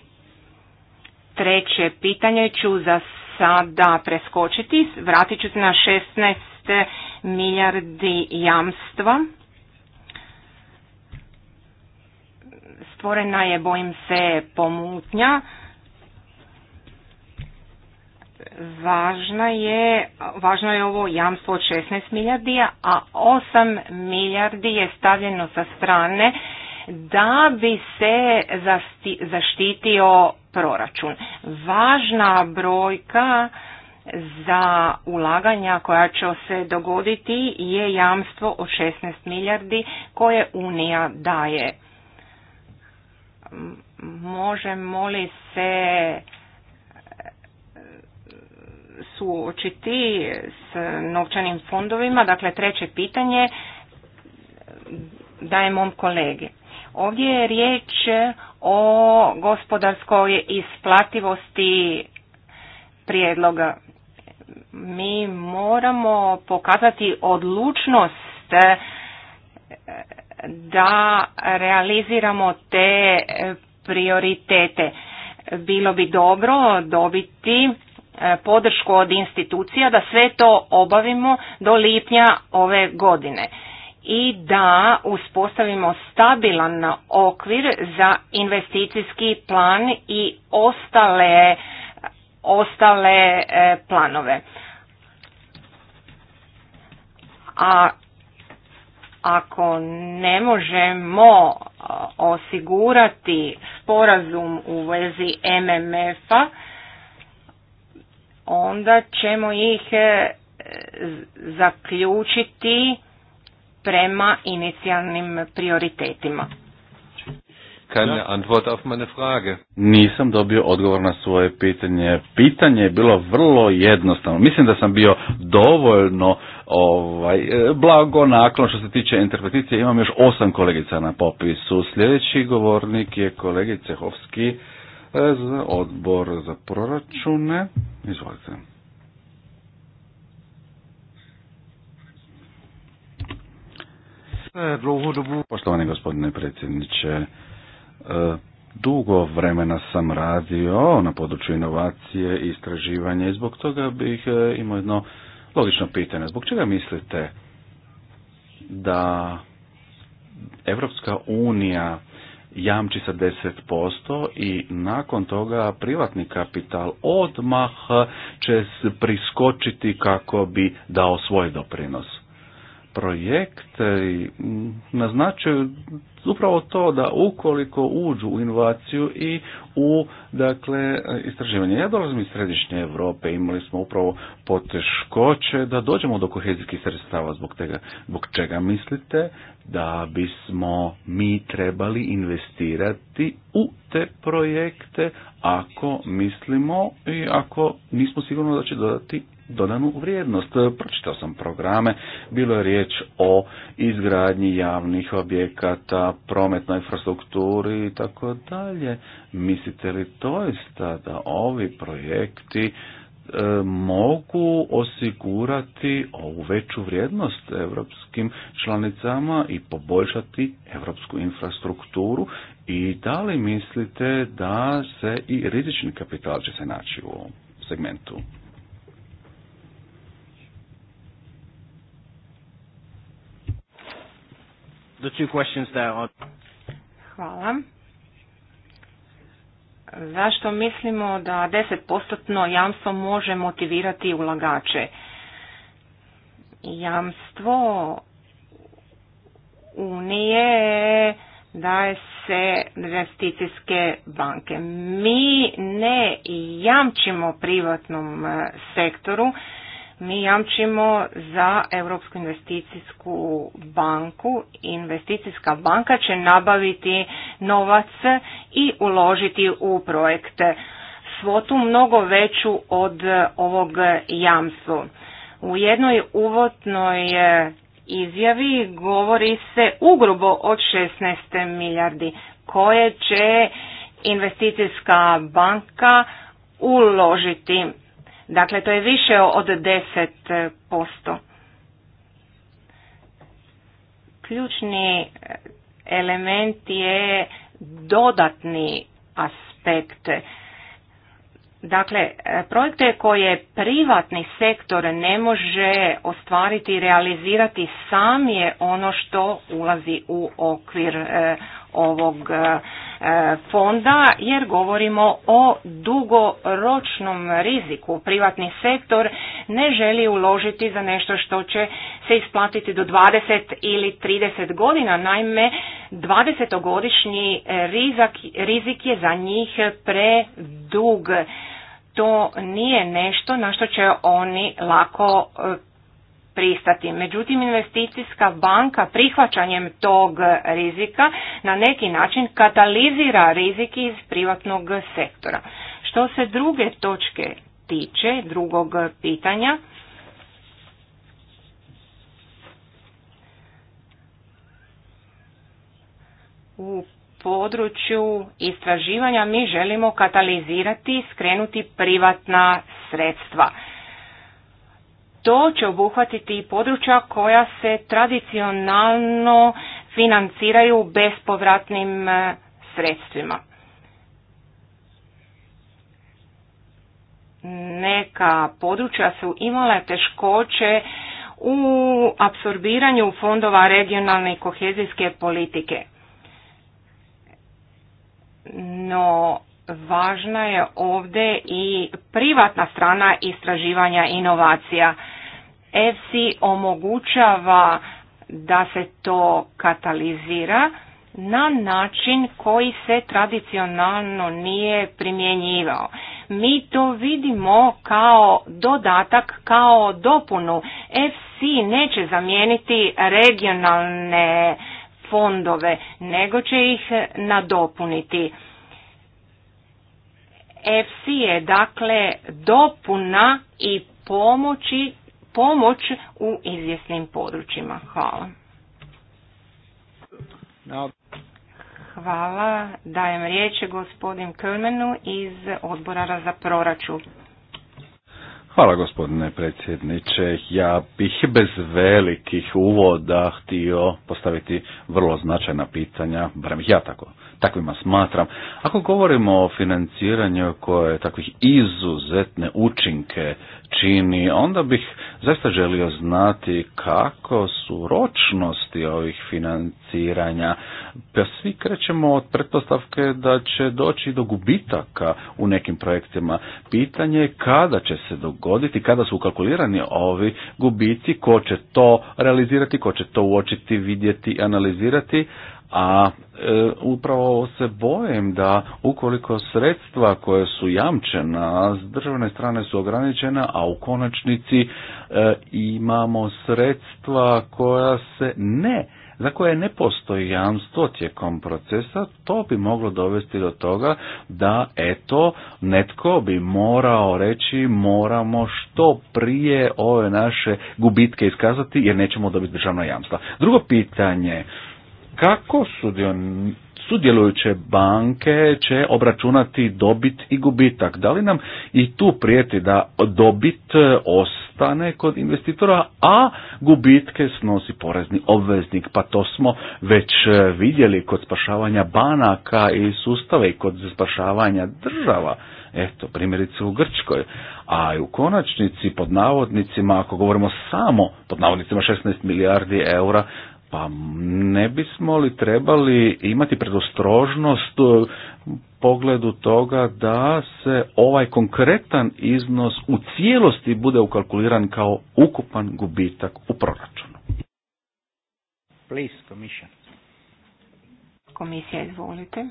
Treće pitanje ću za sada preskočiti. Vratit ću se na 16 milijardi jamstva. Stvorena je, bojim se, pomutnja važna je, važno je ovo jamstvo od 16 milijardi, a 8 milijardi je stavljeno sa strane da bi se zaštitio proračun. Važna brojka za ulaganja koja će se dogoditi je jamstvo od 16 milijardi koje Unija daje. Možemo li se suočiti s novčanim fondovima? Dakle, treće pitanje daje mom kolegi. Ovdje je riječ o gospodarskoj isplativosti prijedloga. Mi moramo pokazati odlučnost da realiziramo te prioritete. Bilo bi dobro dobiti E, podršku od institucija da sve to obavimo do lipnja ove godine i da uspostavimo stabilan okvir za investicijski plan i ostale, ostale e, planove. A ako ne možemo e, osigurati sporazum u vezi MMF-a, onda ćemo ih e, zaključiti prema inicijalnim prioritetima. Keine Antwort auf meine Frage. Nisam dobio odgovor na svoje pitanje. Pitanje je bilo vrlo jednostavno. Mislim da sam bio dovoljno ovaj, e, blago naklon što se tiče interpretacije. Imam još osam kolegica na popisu. Sljedeći govornik je kolegice Hovski. E, za odbor za proračune. Izvolite. E, Poštovani gospodine predsjedniče, e, dugo vremena sam radio na području inovacije i istraživanja i zbog toga bih imao jedno logično pitanje. Zbog čega mislite da Evropska unija jamči sa 10% i nakon toga privatni kapital odmah će priskočiti kako bi dao svoj doprinos projekt e, i naznačuju upravo to da ukoliko uđu u inovaciju i u dakle istraživanje. Ja dolazim iz središnje Europe, imali smo upravo poteškoće da dođemo do kohezijskih sredstava zbog tega. Zbog čega mislite da bismo mi trebali investirati u te projekte ako mislimo i ako nismo sigurno da će dodati dodanu vrijednost. Pročitao sam programe, bilo je riječ o izgradnji javnih objekata, prometnoj infrastrukturi i tako dalje. Mislite li toista da ovi projekti e, mogu osigurati ovu veću vrijednost europskim članicama i poboljšati europsku infrastrukturu i da li mislite da se i rizični kapital će se naći u ovom segmentu? The two questions are... Hvala. Zašto mislimo da 10% jamstvo može motivirati ulagače? Jamstvo Unije daje se investicijske banke. Mi ne jamčimo privatnom eh, sektoru, mi jamčimo za Europsku investicijsku banku. Investicijska banka će nabaviti novac i uložiti u projekte svotu mnogo veću od ovog jamstva. U jednoj uvodnoj e, izjavi govori se ugrubo od 16 milijardi koje će investicijska banka uložiti Dakle, to je više od 10%. Ključni element je dodatni aspekt. Dakle, projekte koje privatni sektor ne može ostvariti i realizirati sam je ono što ulazi u okvir e, ovog e, e, fonda jer govorimo o dugoročnom riziku. Privatni sektor ne želi uložiti za nešto što će se isplatiti do 20 ili 30 godina. Naime, 20-godišnji rizik je za njih predug. To nije nešto na što će oni lako e, pristati. Međutim, investicijska banka prihvaćanjem tog rizika na neki način katalizira rizik iz privatnog sektora. Što se druge točke tiče, drugog pitanja, u području istraživanja mi želimo katalizirati, i skrenuti privatna sredstva to će obuhvatiti i područja koja se tradicionalno financiraju bespovratnim e, sredstvima. Neka područja su imala teškoće u apsorbiranju fondova regionalne i kohezijske politike. No, važna je ovdje i privatna strana istraživanja inovacija. FC omogućava da se to katalizira na način koji se tradicionalno nije primjenjivao. Mi to vidimo kao dodatak, kao dopunu. FC neće zamijeniti regionalne fondove, nego će ih nadopuniti. FC je dakle dopuna i pomoći pomoć u izvjesnim područjima. Hvala. Hvala. Dajem riječ gospodin Kölmenu iz odbora za proračun. Hvala gospodine predsjedniče. Ja bih bez velikih uvoda htio postaviti vrlo značajna pitanja, barem ja tako, takvima smatram. Ako govorimo o financiranju koje takvih izuzetne učinke čini, onda bih zaista želio znati kako su ročnosti ovih financiranja. Pa svi krećemo od pretpostavke da će doći do gubitaka u nekim projektima. Pitanje je kada će se dogoditi dogoditi kada su ukalkulirani ovi gubici, ko će to realizirati, ko će to uočiti, vidjeti, analizirati, a e, upravo se bojem da ukoliko sredstva koje su jamčena s državne strane su ograničena, a u konačnici e, imamo sredstva koja se ne za koje ne postoji jamstvo tijekom procesa, to bi moglo dovesti do toga da eto netko bi morao reći moramo što prije ove naše gubitke iskazati jer nećemo dobiti državna jamstva. Drugo pitanje, kako sud sudjelujuće banke će obračunati dobit i gubitak. Da li nam i tu prijeti da dobit e, ostane kod investitora, a gubitke snosi porezni obveznik? Pa to smo već e, vidjeli kod spašavanja banaka i sustava i kod spašavanja država. Eto, primjerice u Grčkoj. A i u konačnici, pod navodnicima, ako govorimo samo, pod navodnicima 16 milijardi eura, pa ne bismo li trebali imati predostrožnost e, u pogledu toga da se ovaj konkretan iznos u cijelosti bude ukalkuliran kao ukupan gubitak u proračunu? Komisija, izvolite.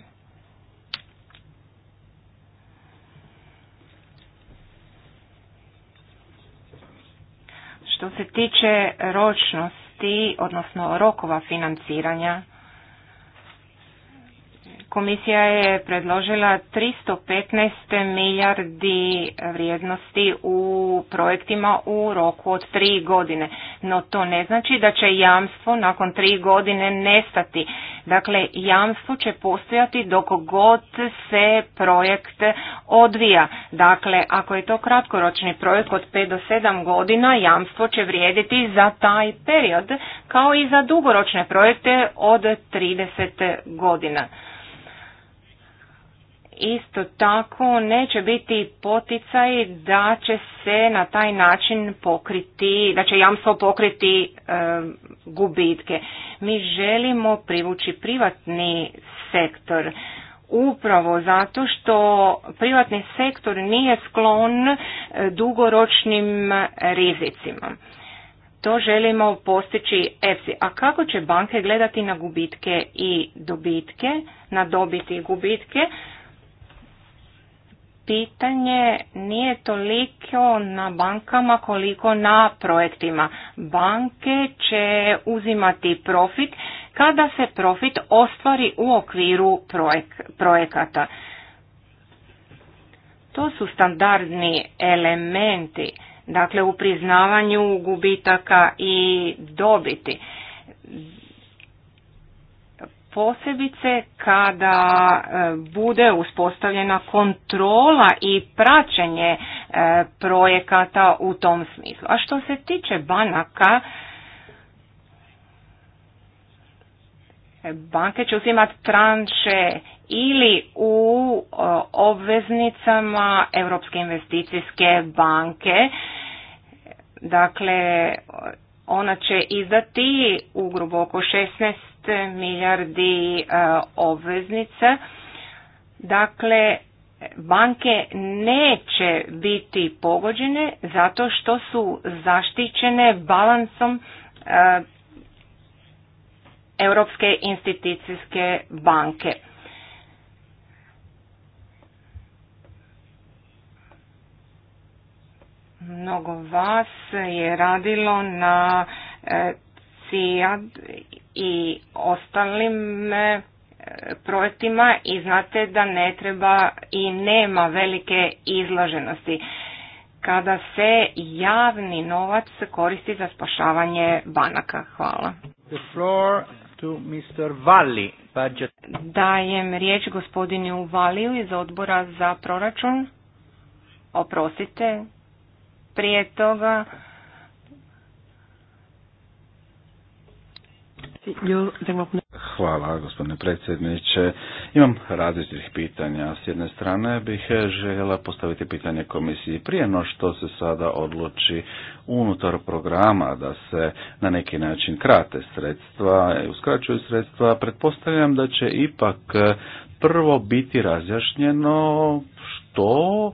Što se tiče ročnosti, ti odnosno rokova financiranja Komisija je predložila 315 milijardi vrijednosti u projektima u roku od tri godine, no to ne znači da će jamstvo nakon tri godine nestati. Dakle, jamstvo će postojati dok god se projekt odvija. Dakle, ako je to kratkoročni projekt od 5 do 7 godina, jamstvo će vrijediti za taj period, kao i za dugoročne projekte od 30 godina isto tako neće biti poticaj da će se na taj način pokriti, da će jamstvo pokriti e, gubitke. Mi želimo privući privatni sektor upravo zato što privatni sektor nije sklon e, dugoročnim rizicima. To želimo postići EFSI. A kako će banke gledati na gubitke i dobitke, na dobiti i gubitke? pitanje nije toliko na bankama koliko na projektima. Banke će uzimati profit kada se profit ostvari u okviru projek projekata. To su standardni elementi, dakle u priznavanju gubitaka i dobiti posebice kada e, bude uspostavljena kontrola i praćenje e, projekata u tom smislu. A što se tiče banaka, banke će uzimati tranše ili u e, obveznicama Europske investicijske banke, dakle ona će izdati u grubo oko 16 milijardi e, obveznica. Dakle, banke neće biti pogođene zato što su zaštićene balansom e, Europske institucijske banke. Mnogo vas je radilo na e, CIAD i ostalim e, projektima i znate da ne treba i nema velike izloženosti kada se javni novac koristi za spašavanje banaka. Hvala. The floor to Mr. Pa Dajem riječ gospodinu Valiju iz odbora za proračun. Oprostite, prije toga Hvala gospodine predsjedniče. Imam različitih pitanja. S jedne strane bih željela postaviti pitanje komisiji prije no što se sada odluči unutar programa da se na neki način krate sredstva, uskraćuju sredstva. Pretpostavljam da će ipak prvo biti razjašnjeno što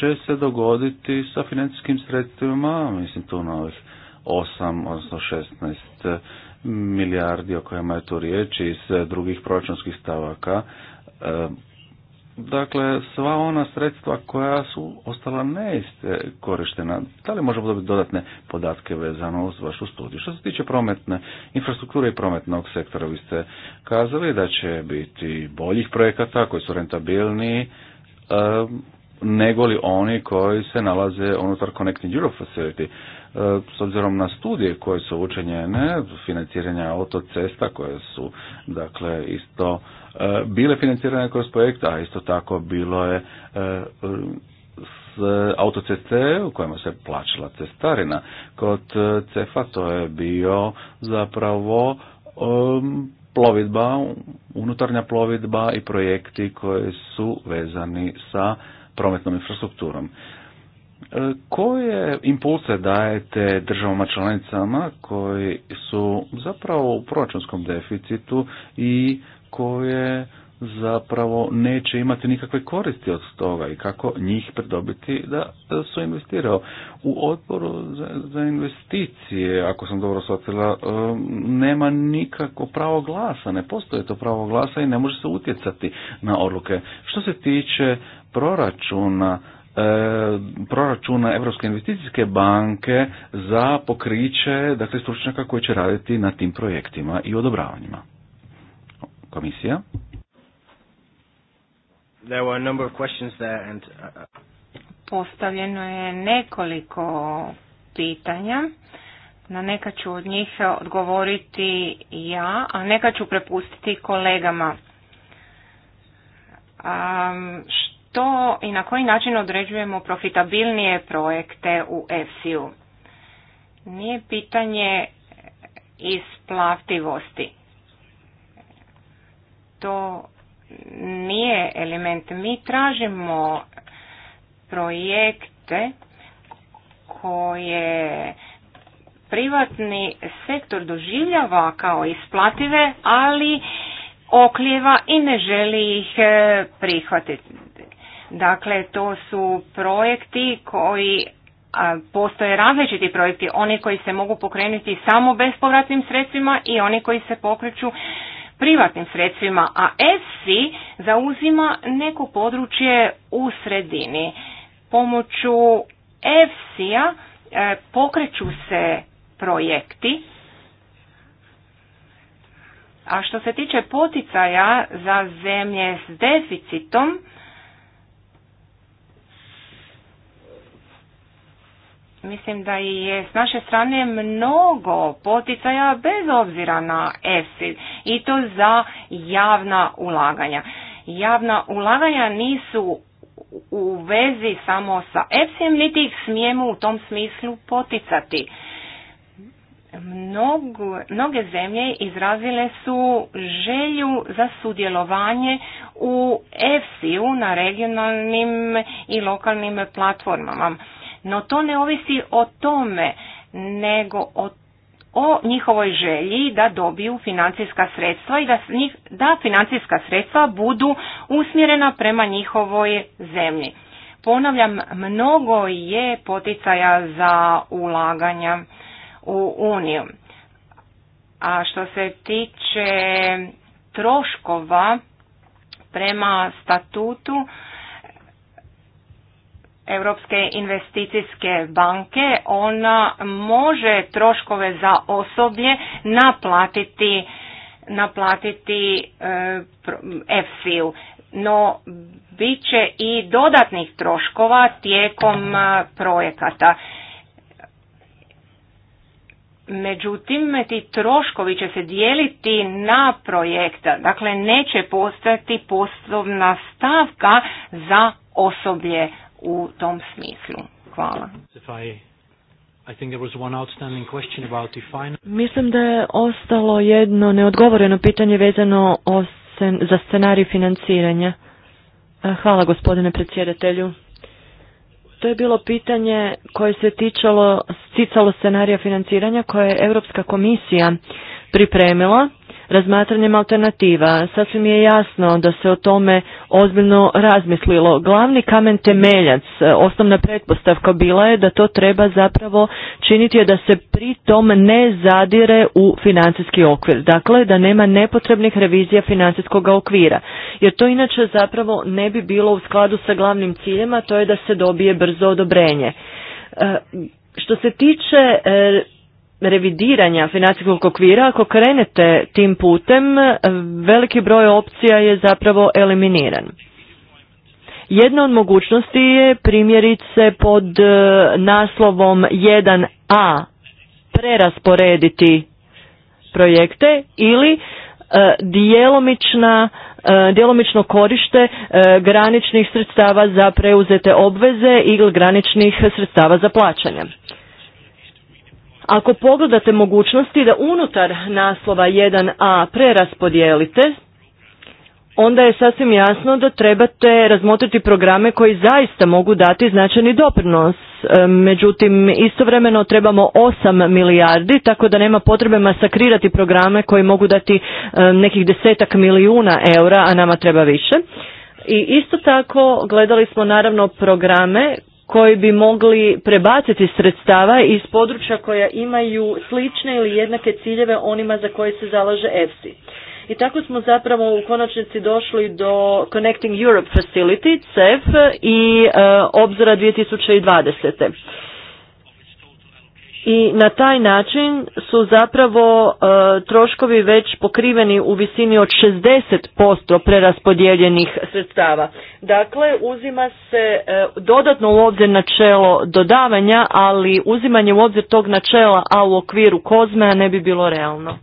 će se dogoditi sa financijskim sredstvima, mislim tu na ovih 8, odnosno 16 milijardi o kojima je tu riječ iz drugih proračunskih stavaka. E, dakle, sva ona sredstva koja su ostala neiste korištena, da li možemo dobiti dodatne podatke vezano uz vašu studiju? Što se tiče prometne infrastrukture i prometnog sektora, vi ste kazali da će biti boljih projekata koji su rentabilniji, e, negoli oni koji se nalaze unutar Connecting Europe Facility. E, s obzirom na studije koje su učenjene, financiranja autocesta koje su dakle isto e, bile financirane kroz projekt, a isto tako bilo je e, s autoceste u kojima se plaćala cestarina. Kod CEFA to je bio zapravo plovidba, unutarnja plovidba i projekti koji su vezani sa prometnom infrastrukturom. E, koje impulse dajete državama članicama koji su zapravo u proračunskom deficitu i koje zapravo neće imati nikakve koristi od toga i kako njih pridobiti da su investirao. U odboru za, investicije, ako sam dobro shvatila, um, nema nikako pravo glasa, ne postoje to pravo glasa i ne može se utjecati na odluke. Što se tiče proračuna, e, proračuna Europske investicijske banke za pokriće dakle stručnjaka koji će raditi na tim projektima i odobravanjima. Komisija there were a number of questions there and uh, uh, postavljeno je nekoliko pitanja. Na neka ću od njih odgovoriti ja, a neka ću prepustiti kolegama. Um, što i na koji način određujemo profitabilnije projekte u efsi Nije pitanje isplativosti. To nije element. Mi tražimo projekte koje privatni sektor doživljava kao isplative, ali okljeva i ne želi ih e, prihvatiti. Dakle, to su projekti koji postoje različiti projekti, oni koji se mogu pokrenuti samo bespovratnim sredstvima i oni koji se pokreću privatnim sredstvima, a SC zauzima neko područje u sredini. Pomoću EFSI-a e, pokreću se projekti, a što se tiče poticaja za zemlje s deficitom, Mislim da je s naše strane mnogo poticaja bez obzira na EFSI i to za javna ulaganja. Javna ulaganja nisu u vezi samo sa efsi niti ih smijemo u tom smislu poticati. mnoge zemlje izrazile su želju za sudjelovanje u EFSI-u na regionalnim i lokalnim platformama. No to ne ovisi o tome, nego o o njihovoj želji da dobiju financijska sredstva i da, da financijska sredstva budu usmjerena prema njihovoj zemlji. Ponavljam, mnogo je poticaja za ulaganja u Uniju. A što se tiče troškova prema statutu, Europske investicijske banke, ona može troškove za osoblje naplatiti naplatiti efsi no bit će i dodatnih troškova tijekom e, projekata. Međutim, ti troškovi će se dijeliti na projekta, dakle neće postati poslovna stavka za osoblje, u tom smislu. Hvala. Mislim da je ostalo jedno neodgovoreno pitanje vezano o za scenarij financiranja. E, hvala gospodine predsjedatelju. To je bilo pitanje koje se tičalo, sticalo scenarija financiranja koje je Europska komisija pripremila razmatranjem alternativa sasvim je jasno da se o tome ozbiljno razmislilo. Glavni kamen temeljac, e, osnovna pretpostavka bila je da to treba zapravo činiti je da se pri tom ne zadire u financijski okvir. Dakle, da nema nepotrebnih revizija financijskog okvira. Jer to inače zapravo ne bi bilo u skladu sa glavnim ciljima, to je da se dobije brzo odobrenje. E, što se tiče e, revidiranja financijskog okvira, ako krenete tim putem, veliki broj opcija je zapravo eliminiran. Jedna od mogućnosti je primjerice pod e, naslovom 1a prerasporediti projekte ili e, djelomična e, djelomično korište graničnih sredstava za preuzete obveze ili graničnih sredstava za plaćanje. Ako pogledate mogućnosti da unutar naslova 1a preraspodijelite, onda je sasvim jasno da trebate razmotriti programe koji zaista mogu dati značajni doprinos. E, međutim, istovremeno trebamo 8 milijardi, tako da nema potrebe masakrirati programe koji mogu dati e, nekih desetak milijuna eura, a nama treba više. I isto tako gledali smo naravno programe koji bi mogli prebaciti sredstava iz područja koja imaju slične ili jednake ciljeve onima za koje se zalaže EFSI. I tako smo zapravo u konačnici došli do Connecting Europe Facility, CEF i e, obzora 2020 i na taj način su zapravo e, troškovi već pokriveni u visini od 60% preraspodijeljenih sredstava. Dakle, uzima se e, dodatno u obzir načelo dodavanja, ali uzimanje u obzir tog načela, a u okviru kozme, ne bi bilo realno.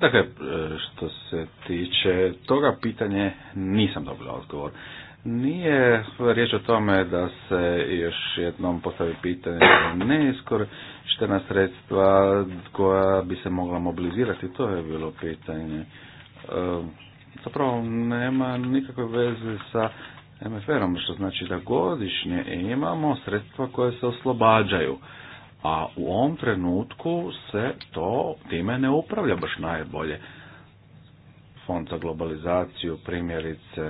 Dakle, e, što se tiče toga pitanje nisam dobila odgovor. Nije riječ o tome da se još jednom postavi pitanje neiskorištena sredstva koja bi se mogla mobilizirati, to je bilo pitanje. E, zapravo nema nikakve veze sa MFR-om, što znači da godišnje imamo sredstva koje se oslobađaju a u ovom trenutku se to time ne upravlja baš najbolje. Fond za globalizaciju primjerice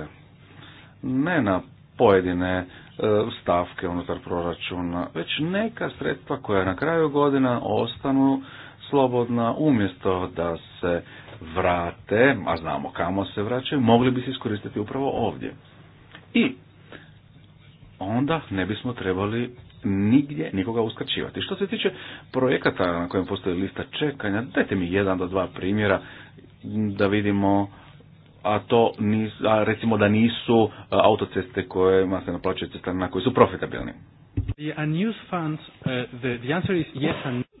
ne na pojedine e, stavke unutar proračuna, već neka sredstva koja na kraju godina ostanu slobodna umjesto da se vrate, a znamo kamo se vraćaju, mogli bi se iskoristiti upravo ovdje. I onda ne bismo trebali nigdje nikoga uskraćivati. Što se tiče projekata na kojem postoji lista čekanja, dajte mi jedan do dva primjera da vidimo a to nis, recimo da nisu e, autoceste kojima se naplaćuje na koji su profitabilni. Uh,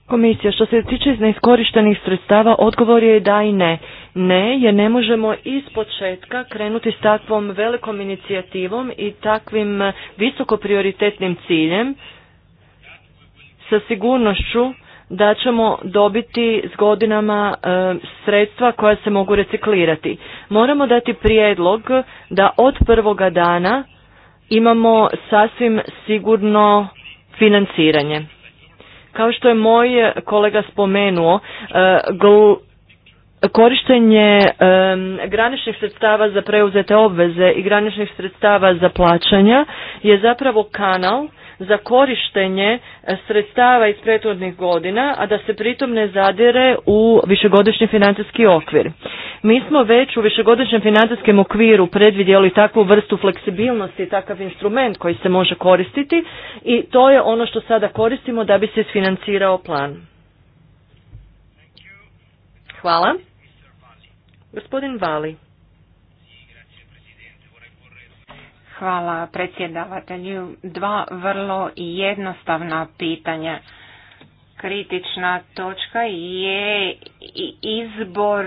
Komisija, što se tiče neiskorištenih sredstava, odgovor je da i ne. Ne, jer ne možemo iz početka krenuti s takvom velikom inicijativom i takvim visoko prioritetnim ciljem sa sigurnošću da ćemo dobiti s godinama e, sredstva koja se mogu reciklirati. Moramo dati prijedlog da od prvoga dana imamo sasvim sigurno financiranje. Kao što je moj kolega spomenuo, e, korištenje e, graničnih sredstava za preuzete obveze i graničnih sredstava za plaćanja je zapravo kanal za korištenje e, sredstava iz prethodnih godina, a da se pritom ne zadire u višegodišnji financijski okvir. Mi smo već u višegodišnjem financijskom okviru predvidjeli takvu vrstu fleksibilnosti takav instrument koji se može koristiti i to je ono što sada koristimo da bi se isfinancirao plan. Hvala. Gospodin Vali. Hvala predsjedavatelju. Dva vrlo jednostavna pitanja. Kritična točka je izbor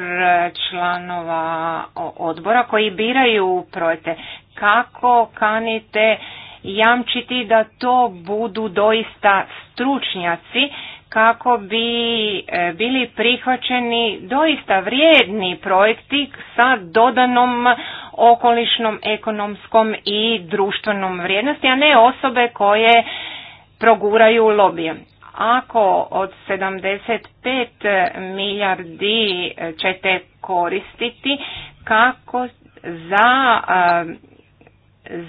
članova odbora koji biraju projekte. Kako kanite jamčiti da to budu doista stručnjaci kako bi e, bili prihvaćeni doista vrijedni projekti sa dodanom okolišnom, ekonomskom i društvenom vrijednosti, a ne osobe koje proguraju lobije. Ako od 75 milijardi ćete koristiti kako za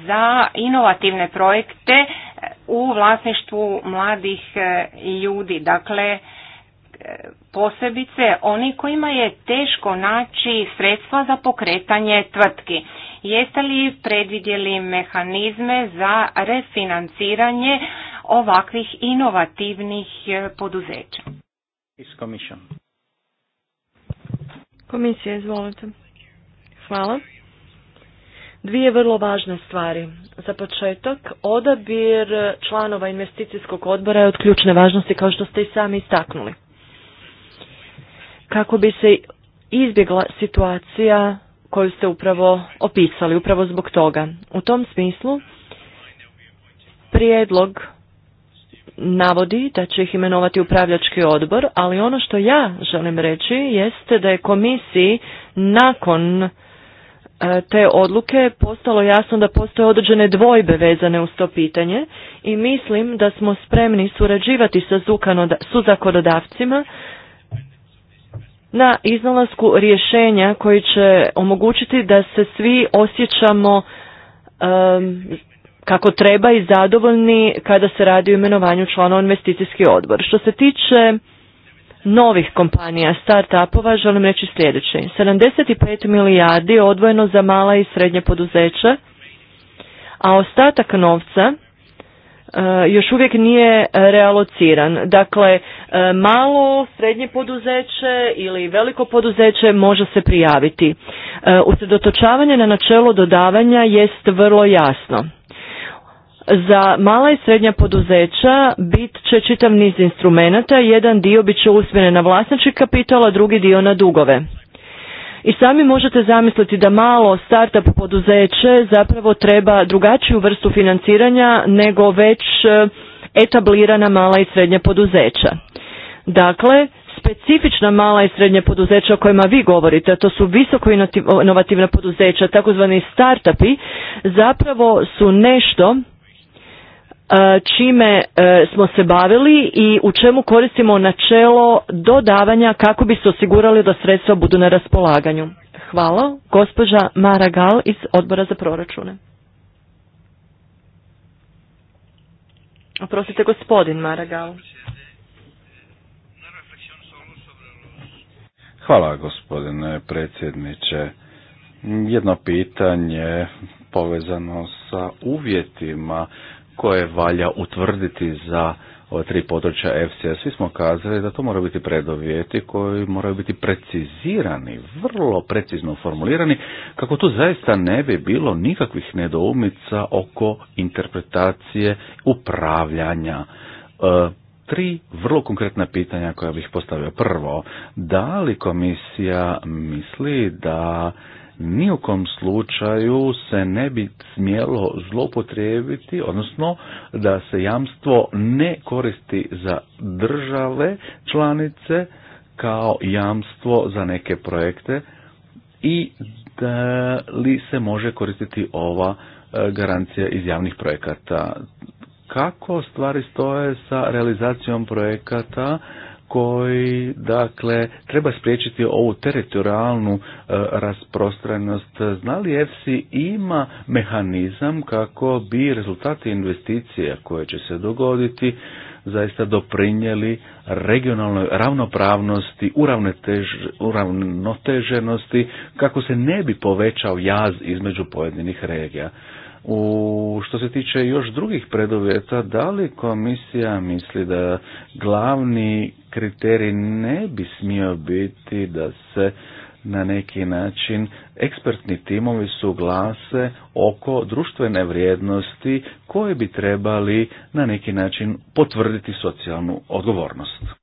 za inovativne projekte u vlasništvu mladih ljudi. Dakle, posebice oni kojima je teško naći sredstva za pokretanje tvrtki. Jeste li predvidjeli mehanizme za refinanciranje ovakvih inovativnih e, poduzeća? Komisija, izvolite. Hvala. Dvije vrlo važne stvari. Za početak, odabir članova investicijskog odbora je od ključne važnosti kao što ste i sami istaknuli kako bi se izbjegla situacija koju ste upravo opisali, upravo zbog toga. U tom smislu prijedlog navodi da će ih imenovati upravljački odbor, ali ono što ja želim reći jeste da je komisiji nakon e, te odluke postalo jasno da postoje određene dvojbe vezane uz to pitanje i mislim da smo spremni surađivati sa zakonodavcima na iznalasku rješenja koji će omogućiti da se svi osjećamo kako treba i zadovoljni kada se radi o imenovanju članova investicijski odbor. Što se tiče novih kompanija, start-upova, želim reći sljedeće. 75 milijardi odvojeno za mala i srednje poduzeća, a ostatak novca Eh, još uvijek nije eh, realociran. Dakle, eh, malo, srednje poduzeće ili veliko poduzeće može se prijaviti. Usredotočavanje na načelo dodavanja jest vrlo jasno. Za mala i srednja poduzeća bit će čitav niz instrumenata, jedan dio bit će usmjeren na vlasnički kapital, a drugi dio na dugove. I sami možete zamisliti da malo startup poduzeće zapravo treba drugačiju vrstu financiranja nego već e, etablirana mala i srednja poduzeća. Dakle, specifična mala i srednja poduzeća o kojima vi govorite, a to su visoko inovativna poduzeća, takozvani startupi, zapravo su nešto E, čime e, smo se bavili i u čemu koristimo načelo dodavanja kako bi se osigurali da sredstva budu na raspolaganju. Hvala. Gospođa Mara Gal iz odbora za proračune. Oprostite, gospodin Maragal. Hvala, gospodine predsjedniče. Jedno pitanje povezano sa uvjetima koje valja utvrditi za tri područja FCS, svi smo kazali da to moraju biti predovjeti koji moraju biti precizirani, vrlo precizno formulirani, kako tu zaista ne bi bilo nikakvih nedoumica oko interpretacije upravljanja. E, tri vrlo konkretna pitanja koja bih postavio. Prvo, da li komisija misli da ni u kom slučaju se ne bi smjelo zloupotrijebiti, odnosno da se jamstvo ne koristi za države članice kao jamstvo za neke projekte i da li se može koristiti ova e, garancija iz javnih projekata. Kako stvari stoje sa realizacijom projekata koji dakle treba spriječiti ovu teritorijalnu e, rasprostranost. Zna li EFSI ima mehanizam kako bi rezultati investicija koje će se dogoditi zaista doprinijeli regionalnoj ravnopravnosti, uravnoteženosti kako se ne bi povećao jaz između pojedinih regija. U što se tiče još drugih predovjeta, da li komisija misli da glavni kriterij ne bi smio biti da se na neki način ekspertni timovi suglase oko društvene vrijednosti koje bi trebali na neki način potvrditi socijalnu odgovornost.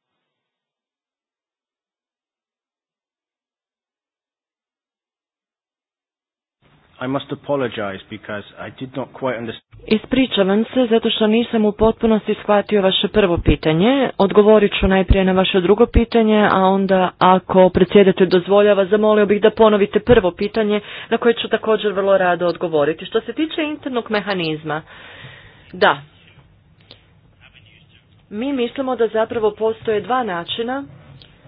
I must apologize because I did not quite understand. Ispričavam se zato što nisam u potpunosti shvatio vaše prvo pitanje. Odgovorit ću najprije na vaše drugo pitanje, a onda ako predsjedatelj dozvoljava, zamolio bih da ponovite prvo pitanje na koje ću također vrlo rado odgovoriti. Što se tiče internog mehanizma, da. Mi mislimo da zapravo postoje dva načina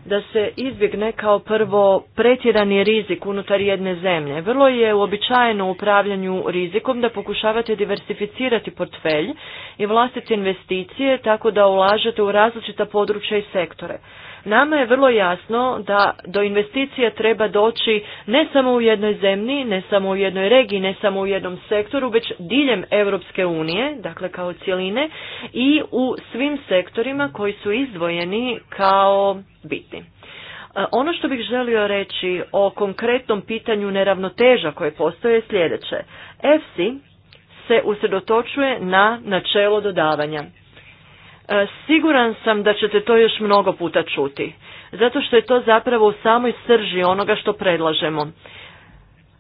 da se izbjegne kao prvo pretjerani rizik unutar jedne zemlje. Vrlo je uobičajeno u upravljanju rizikom da pokušavate diversificirati portfelj i vlastite investicije tako da ulažete u različita područja i sektore. Nama je vrlo jasno da do investicija treba doći ne samo u jednoj zemlji, ne samo u jednoj regiji, ne samo u jednom sektoru, već diljem Europske unije, dakle kao cjeline, i u svim sektorima koji su izdvojeni kao bitni. E, ono što bih želio reći o konkretnom pitanju neravnoteža koje postoje je sljedeće. EFSI se usredotočuje na načelo dodavanja. E, siguran sam da ćete to još mnogo puta čuti, zato što je to zapravo u samoj srži onoga što predlažemo.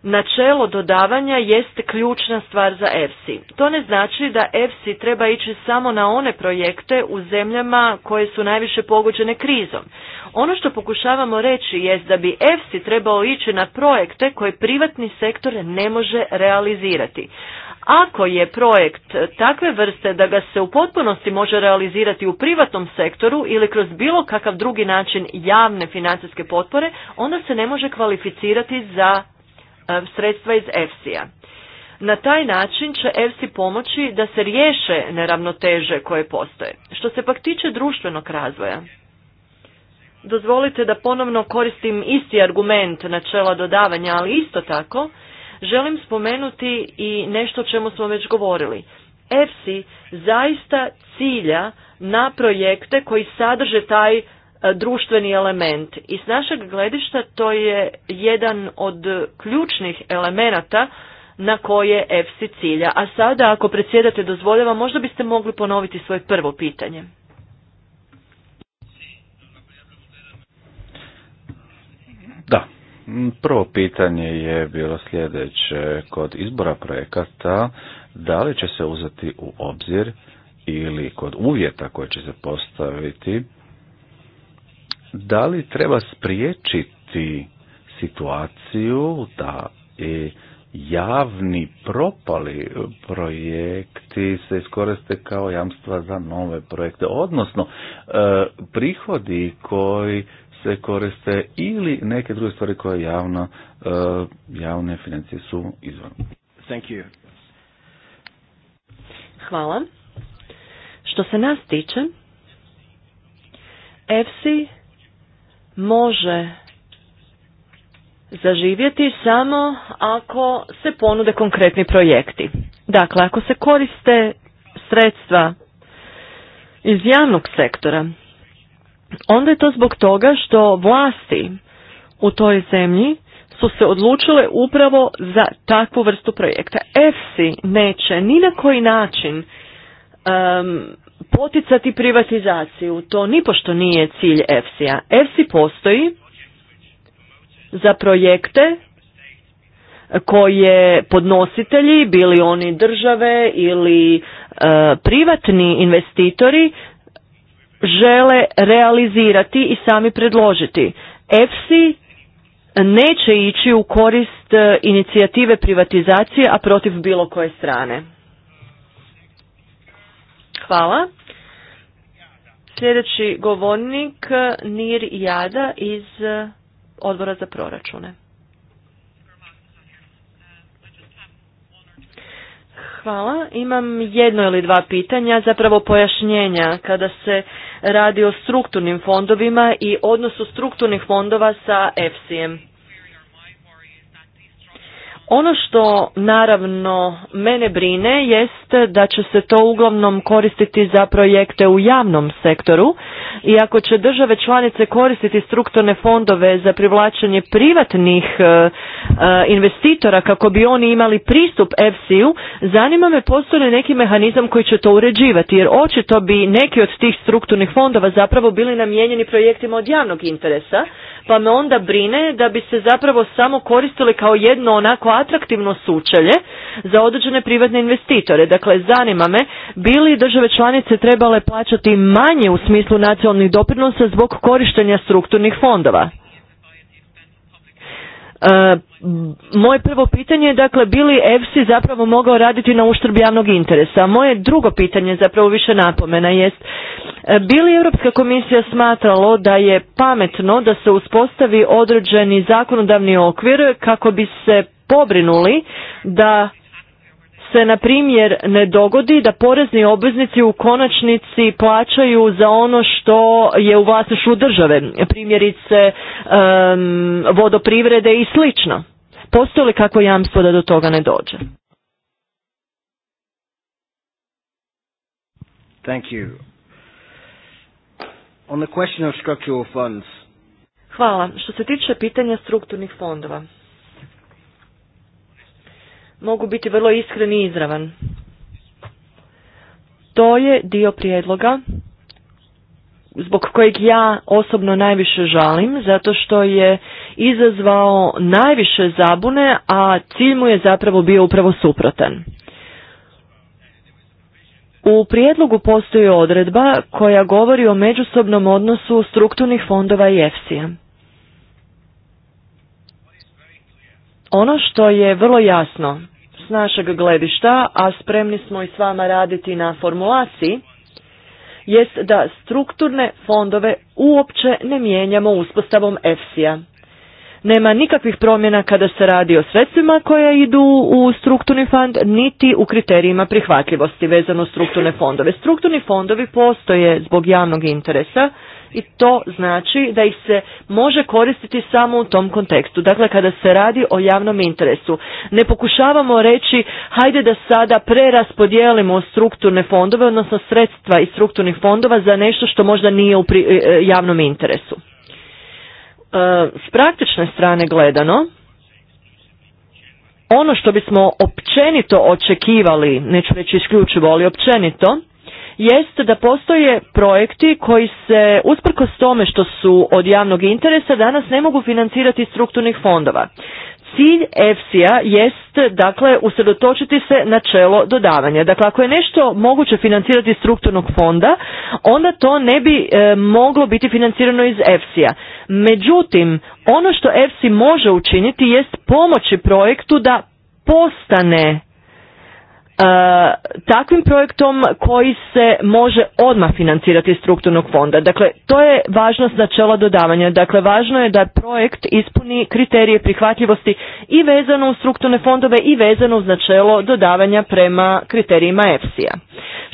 Načelo dodavanja jest ključna stvar za EFSI. To ne znači da EFSI treba ići samo na one projekte u zemljama koje su najviše pogođene krizom. Ono što pokušavamo reći jest da bi EFSI trebao ići na projekte koje privatni sektor ne može realizirati. Ako je projekt takve vrste da ga se u potpunosti može realizirati u privatnom sektoru ili kroz bilo kakav drugi način javne financijske potpore, onda se ne može kvalificirati za e, sredstva iz EFSI-a. Na taj način će EFSI pomoći da se riješe neravnoteže koje postoje. Što se pak tiče društvenog razvoja, dozvolite da ponovno koristim isti argument načela dodavanja, ali isto tako želim spomenuti i nešto o čemu smo već govorili. EFSI zaista cilja na projekte koji sadrže taj e, društveni element. I s našeg gledišta to je jedan od ključnih elemenata na koje EFSI cilja. A sada, ako predsjedate dozvoljava, možda biste mogli ponoviti svoje prvo pitanje. Prvo pitanje je bilo sljedeće. Kod izbora projekata, da li će se uzeti u obzir ili kod uvjeta koje će se postaviti, da li treba spriječiti situaciju da i javni propali projekti se iskoriste kao jamstva za nove projekte, odnosno e, prihodi koji se koriste ili neke druge stvari koje javno, e, javne financije su izvan. Thank you. Hvala. Što se nas tiče, EFSI može zaživjeti samo ako se ponude konkretni projekti. Dakle, ako se koriste sredstva iz javnog sektora onda je to zbog toga što vlasti u toj zemlji su se odlučile upravo za takvu vrstu projekta. EFSI neće ni na koji način poticati privatizaciju. To nipošto nije cilj EFSI-a. EFSI postoji za projekte koje podnositelji, bili oni države ili eh, privatni investitori, žele realizirati i sami predložiti. EFSI neće ići u korist e, inicijative privatizacije, a protiv bilo koje strane. Hvala. Sljedeći govornik e, Nir Jada iz e, odbora za proračune. Hvala. Imam jedno ili dva pitanja, zapravo pojašnjenja. Kada se radi o strukturnim fondovima i odnosu strukturnih fondova sa efsi ono što naravno mene brine jest da će se to uglavnom koristiti za projekte u javnom sektoru i ako će države članice koristiti strukturne fondove za privlačenje privatnih e, e, investitora kako bi oni imali pristup EFSI-u, zanima me postoji neki mehanizam koji će to uređivati jer očito bi neki od tih strukturnih fondova zapravo bili namijenjeni projektima od javnog interesa pa me onda brine da bi se zapravo samo koristili kao jedno onako atraktivno sučelje za određene privatne investitore. Dakle, zanima me, bili države članice trebale plaćati manje u smislu nacionalnih doprinosa zbog korištenja strukturnih fondova? E, moje prvo pitanje je dakle bili EFSI zapravo mogao raditi na uštrb javnog interesa. Moje drugo pitanje zapravo više napomena jest li Europska komisija smatralo da je pametno da se uspostavi određeni zakonodavni okvir kako bi se pobrinuli da se na primjer ne dogodi da porezni obveznici u konačnici plaćaju za ono što je u vlasništvu države, primjerice vodoprivrede i slično. Postoji li kako jamstvo da do toga ne dođe? Thank you. On the Hvala. Što se tiče pitanja strukturnih fondova, mogu biti vrlo iskren i izravan. To je dio prijedloga zbog kojeg ja osobno najviše žalim, zato što je izazvao najviše zabune, a cilj mu je zapravo bio upravo suprotan. U prijedlogu postoji odredba koja govori o međusobnom odnosu strukturnih fondova i EFSI-a. Ono što je vrlo jasno s našeg gledišta, a spremni smo i s vama raditi na formulaciji, jest da strukturne fondove uopće ne mijenjamo uspostavom EFSI-a. Nema nikakvih promjena kada se radi o sredstvima koja idu u strukturni fond, niti u kriterijima prihvatljivosti vezano strukturne fondove. Strukturni fondovi postoje zbog javnog interesa i to znači da ih se može koristiti samo u tom kontekstu. Dakle, kada se radi o javnom interesu. Ne pokušavamo reći, hajde da sada preraspodijelimo strukturne fondove, odnosno sredstva iz strukturnih fondova za nešto što možda nije u e, javnom interesu. E, s praktične strane gledano, ono što bismo općenito očekivali, neću reći isključivo, ali općenito, jeste da postoje projekti koji se, usprkos tome što su od javnog interesa, danas ne mogu financirati strukturnih fondova. Cilj EFSI-a jest, dakle, usredotočiti se na čelo dodavanja. Dakle, ako je nešto moguće financirati strukturnog fonda, onda to ne bi e, moglo biti financirano iz EFSI-a. Međutim, ono što EFSI može učiniti jest pomoći projektu da postane Uh, takvim projektom koji se može odmah financirati strukturnog fonda. Dakle, to je važnost načela dodavanja. Dakle, važno je da projekt ispuni kriterije prihvatljivosti i vezano u strukturne fondove i vezano u načelo dodavanja prema kriterijima EFSI-a.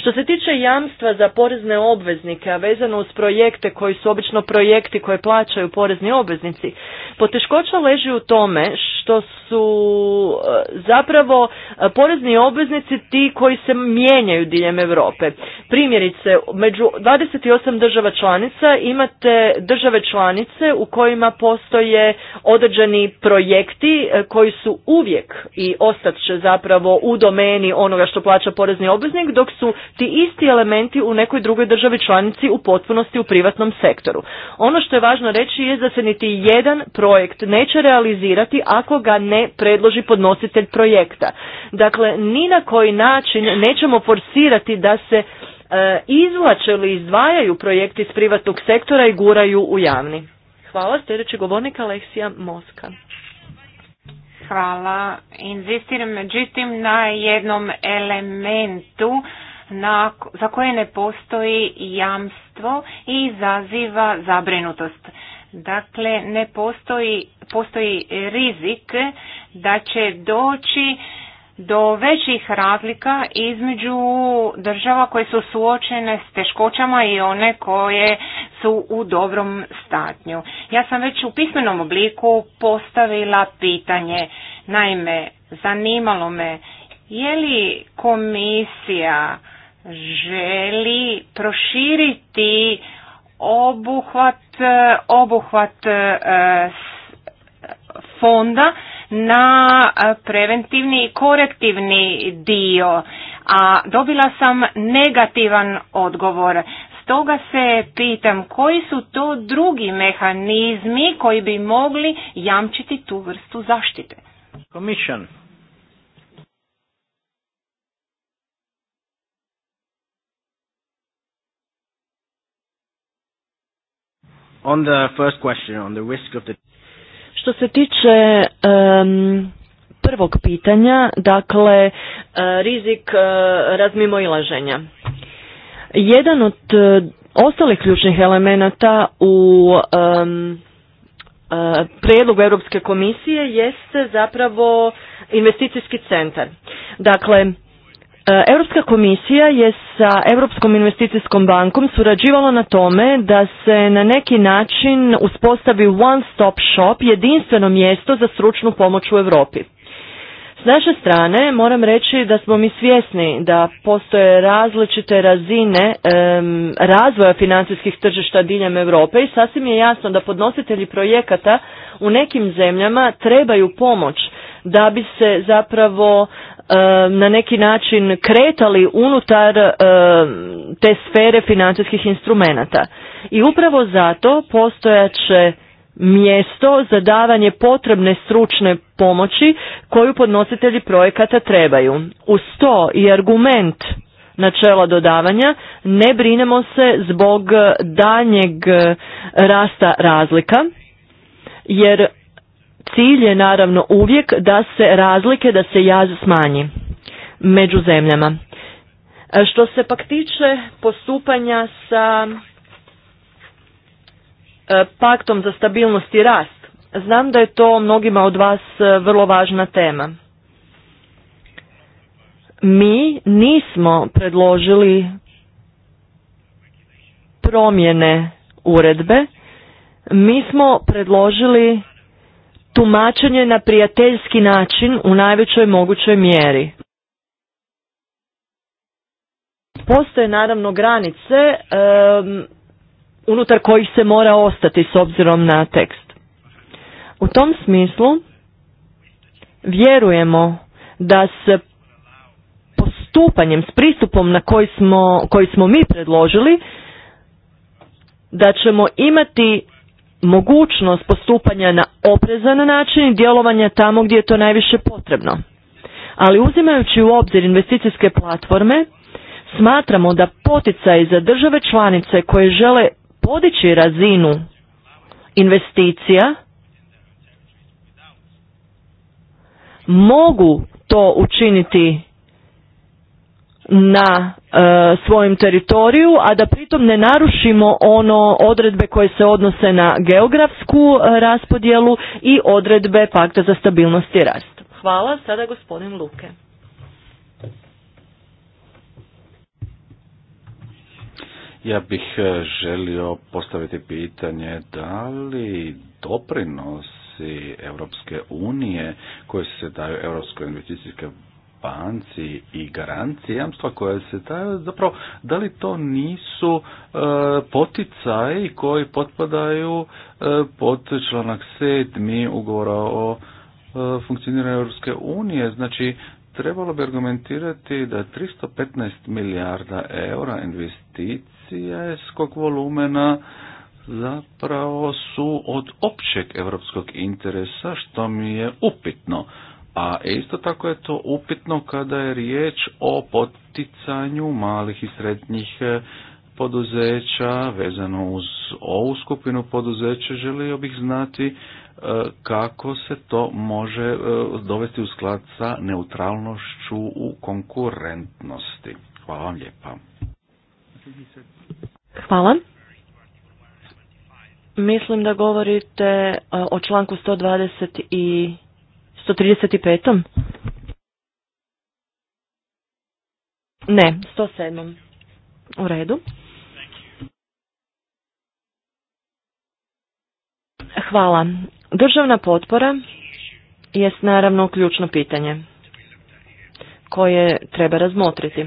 Što se tiče jamstva za porezne obveznike, a vezano uz projekte koji su obično projekti koje plaćaju porezni obveznici, poteškoća leži u tome što su e, zapravo e, porezni obveznici ti koji se mijenjaju diljem Europe. Primjerice, među 28 država članica imate države članice u kojima postoje određeni projekti e, koji su uvijek i ostat će zapravo u domeni onoga što plaća porezni obveznik, dok su ti isti elementi u nekoj drugoj državi članici u potpunosti u privatnom sektoru. Ono što je važno reći je da se niti jedan projekt neće realizirati ako ga ne predloži podnositelj projekta. Dakle, ni na koji način nećemo forsirati da se e, izvlače ili izdvajaju projekti iz privatnog sektora i guraju u javni. Hvala. Sljedeći govornik Aleksija Moska. Hvala. Inzistiram međutim na jednom elementu na, za koje ne postoji jamstvo i izaziva zabrinutost. Dakle, ne postoji, postoji rizik da će doći do većih razlika između država koje su suočene s teškoćama i one koje su u dobrom statnju. Ja sam već u pismenom obliku postavila pitanje. Naime, zanimalo me je li komisija želi proširiti obuhvat, obuhvat e, fonda na e, preventivni i korektivni dio, a dobila sam negativan odgovor. Stoga se pitam koji su to drugi mehanizmi koji bi mogli jamčiti tu vrstu zaštite. Commission. On the first question, on the risk of the... Što se tiče prvog pitanja, dakle, eh, rizik eh, razmimo ilaženja. Jedan od eh, ostalih ključnih elemenata u um, prijedlogu Europske komisije jeste zapravo investicijski centar. Dakle, E, Europska komisija je sa Europskom investicijskom bankom surađivala na tome da se na neki način uspostavi one stop shop, jedinstveno mjesto za stručnu pomoć u Europi. S naše strane moram reći da smo mi svjesni da postoje različite razine razvoja financijskih tržišta diljem Europe i sasvim je jasno da podnositelji projekata u nekim zemljama trebaju pomoć da bi se zapravo Eh, na neki način kretali unutar eh, te sfere financijskih instrumenata. I upravo zato postojaće mjesto za davanje potrebne stručne pomoći koju podnositelji projekata trebaju. Uz to i argument načela dodavanja ne brinemo se zbog danjeg rasta razlika jer Cilj je naravno uvijek da se razlike, da se jaz smanji među zemljama. E, što se pak tiče postupanja sa e, paktom za stabilnost i rast, znam da je to mnogima od vas e, vrlo važna tema. Mi nismo predložili promjene uredbe, mi smo predložili tumačenje na prijateljski način u najvećoj mogućoj mjeri. Postoje naravno granice unutar kojih se mora ostati s obzirom na tekst. U tom smislu vjerujemo da se postupanjem, s pristupom na koji smo, koji smo mi predložili, da ćemo imati mogućnost postupanja na oprezan način i djelovanja tamo gdje je to najviše potrebno. Ali uzimajući u obzir investicijske platforme, smatramo da poticaj za države članice koje žele podići razinu investicija mogu to učiniti na e, svojem teritoriju, a da pritom ne narušimo ono odredbe koje se odnose na geografsku e, raspodjelu i odredbe pakta za stabilnost i rast. Hvala, sada gospodin Luke. Ja bih e, želio postaviti pitanje da li doprinosi Europske unije koje se daju Europskoj investicijskoj banci i garancije jamstva koje se daju, zapravo da li to nisu e, poticaji koji potpadaju e, pod članak 7. ugovora o e, funkcioniranju Europske unije, znači trebalo bi argumentirati da 315 milijarda eura investicija skog volumena zapravo su od općeg europskog interesa, što mi je upitno a isto tako je to upitno kada je riječ o poticanju malih i srednjih e, poduzeća vezano uz ovu skupinu poduzeća želio bih znati e, kako se to može e, dovesti u sklad sa neutralnošću u konkurentnosti. Hvala vam lijepa. Hvala. Mislim da govorite o članku i 135. Ne, 107. U redu. Hvala. Državna potpora jest naravno ključno pitanje koje treba razmotriti.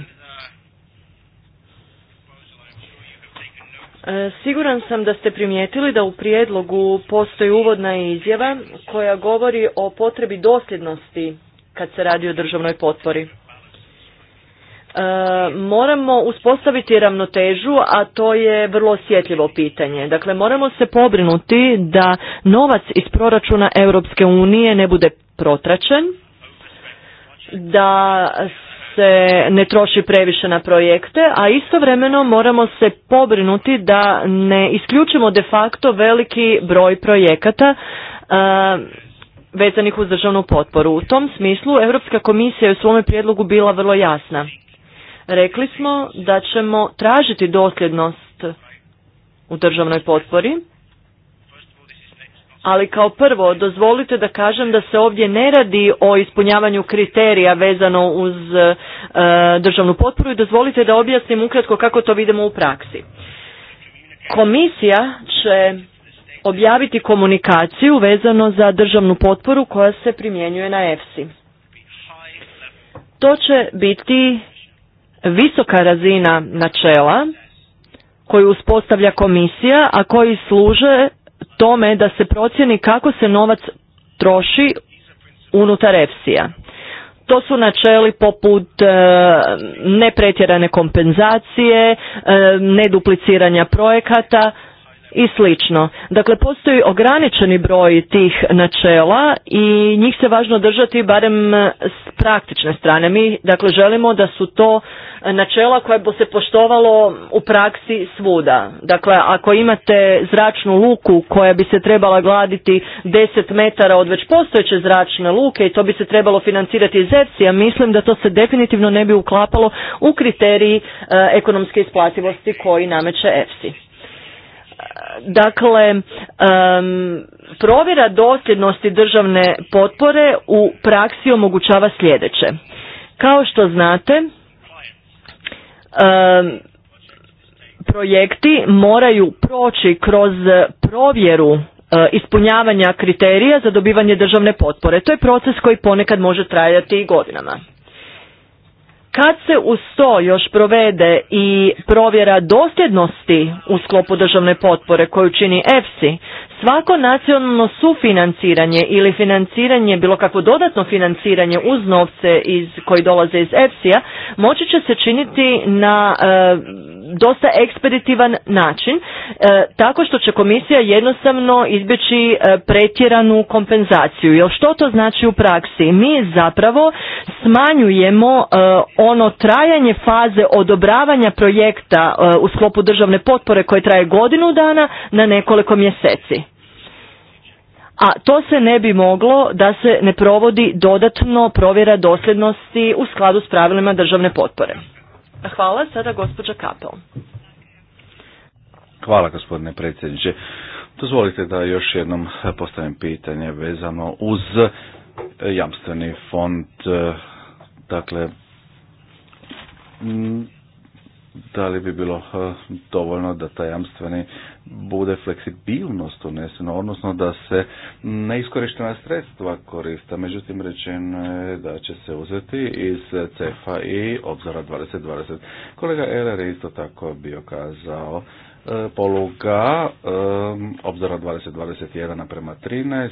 E, siguran sam da ste primijetili da u prijedlogu postoji uvodna izjava koja govori o potrebi dosljednosti kad se radi o državnoj potpori. E, moramo uspostaviti ravnotežu, a to je vrlo osjetljivo pitanje. Dakle, moramo se pobrinuti da novac iz proračuna Europske unije ne bude protračen, da se ne troši previše na projekte, a istovremeno moramo se pobrinuti da ne isključimo de facto veliki broj projekata uh, vezanih uz državnu potporu. U tom smislu Europska komisija je u svome prijedlogu bila vrlo jasna. Rekli smo da ćemo tražiti dosljednost u državnoj potpori ali kao prvo dozvolite da kažem da se ovdje ne radi o ispunjavanju kriterija vezano uz e, državnu potporu i dozvolite da objasnim ukratko kako to vidimo u praksi. Komisija će objaviti komunikaciju vezano za državnu potporu koja se primjenjuje na EFSI. To će biti visoka razina načela koju uspostavlja komisija, a koji služe tome da se procjeni kako se novac troši unutar efsi To su načeli poput e, nepretjerane kompenzacije, e, nedupliciranja projekata, i slično. Dakle, postoji ograničeni broj tih načela i njih se važno držati barem s praktične strane. Mi dakle želimo da su to načela koje bi se poštovalo u praksi svuda. Dakle, ako imate zračnu luku koja bi se trebala gladiti 10 metara od već postojeće zračne luke i to bi se trebalo financirati iz EFSI-a, mislim da to se definitivno ne bi uklapalo u kriteriji e, ekonomske isplativosti koji nameće EFSI. Dakle, provjera dosljednosti državne potpore u praksi omogućava sljedeće. Kao što znate, projekti moraju proći kroz provjeru e, ispunjavanja kriterija za dobivanje državne potpore. To je proces koji ponekad može trajati i godinama. Kad se uz to još provede i provjera dosljednosti u sklopu državne potpore koju čini EFSI, Svako nacionalno sufinanciranje ili financiranje, bilo kakvo dodatno financiranje uz novce iz, koji dolaze iz EFSI-a, moći će se činiti na e, dosta ekspeditivan način, e, tako što će komisija jednostavno izbjeći e, pretjeranu kompenzaciju. Jer što to znači u praksi? Mi zapravo smanjujemo ono trajanje faze odobravanja projekta u sklopu državne potpore koje traje godinu dana na nekoliko mjeseci a to se ne bi moglo da se ne provodi dodatno provjera dosljednosti u skladu s pravilima državne potpore. Hvala, sada gospođa Kapel. Hvala gospodine predsjedniče. Dozvolite da još jednom postavim pitanje vezano uz jamstveni fond. Eh, dakle, da li bi bilo eh, dovoljno da taj jamstveni bude fleksibilnost unesena, odnosno da se neiskorištena sredstva korista. Međutim, rečeno je da će se uzeti iz CEFA i obzora 2020. Kolega era je isto tako bio kazao E, poluga e, obzora 2021 prema 13,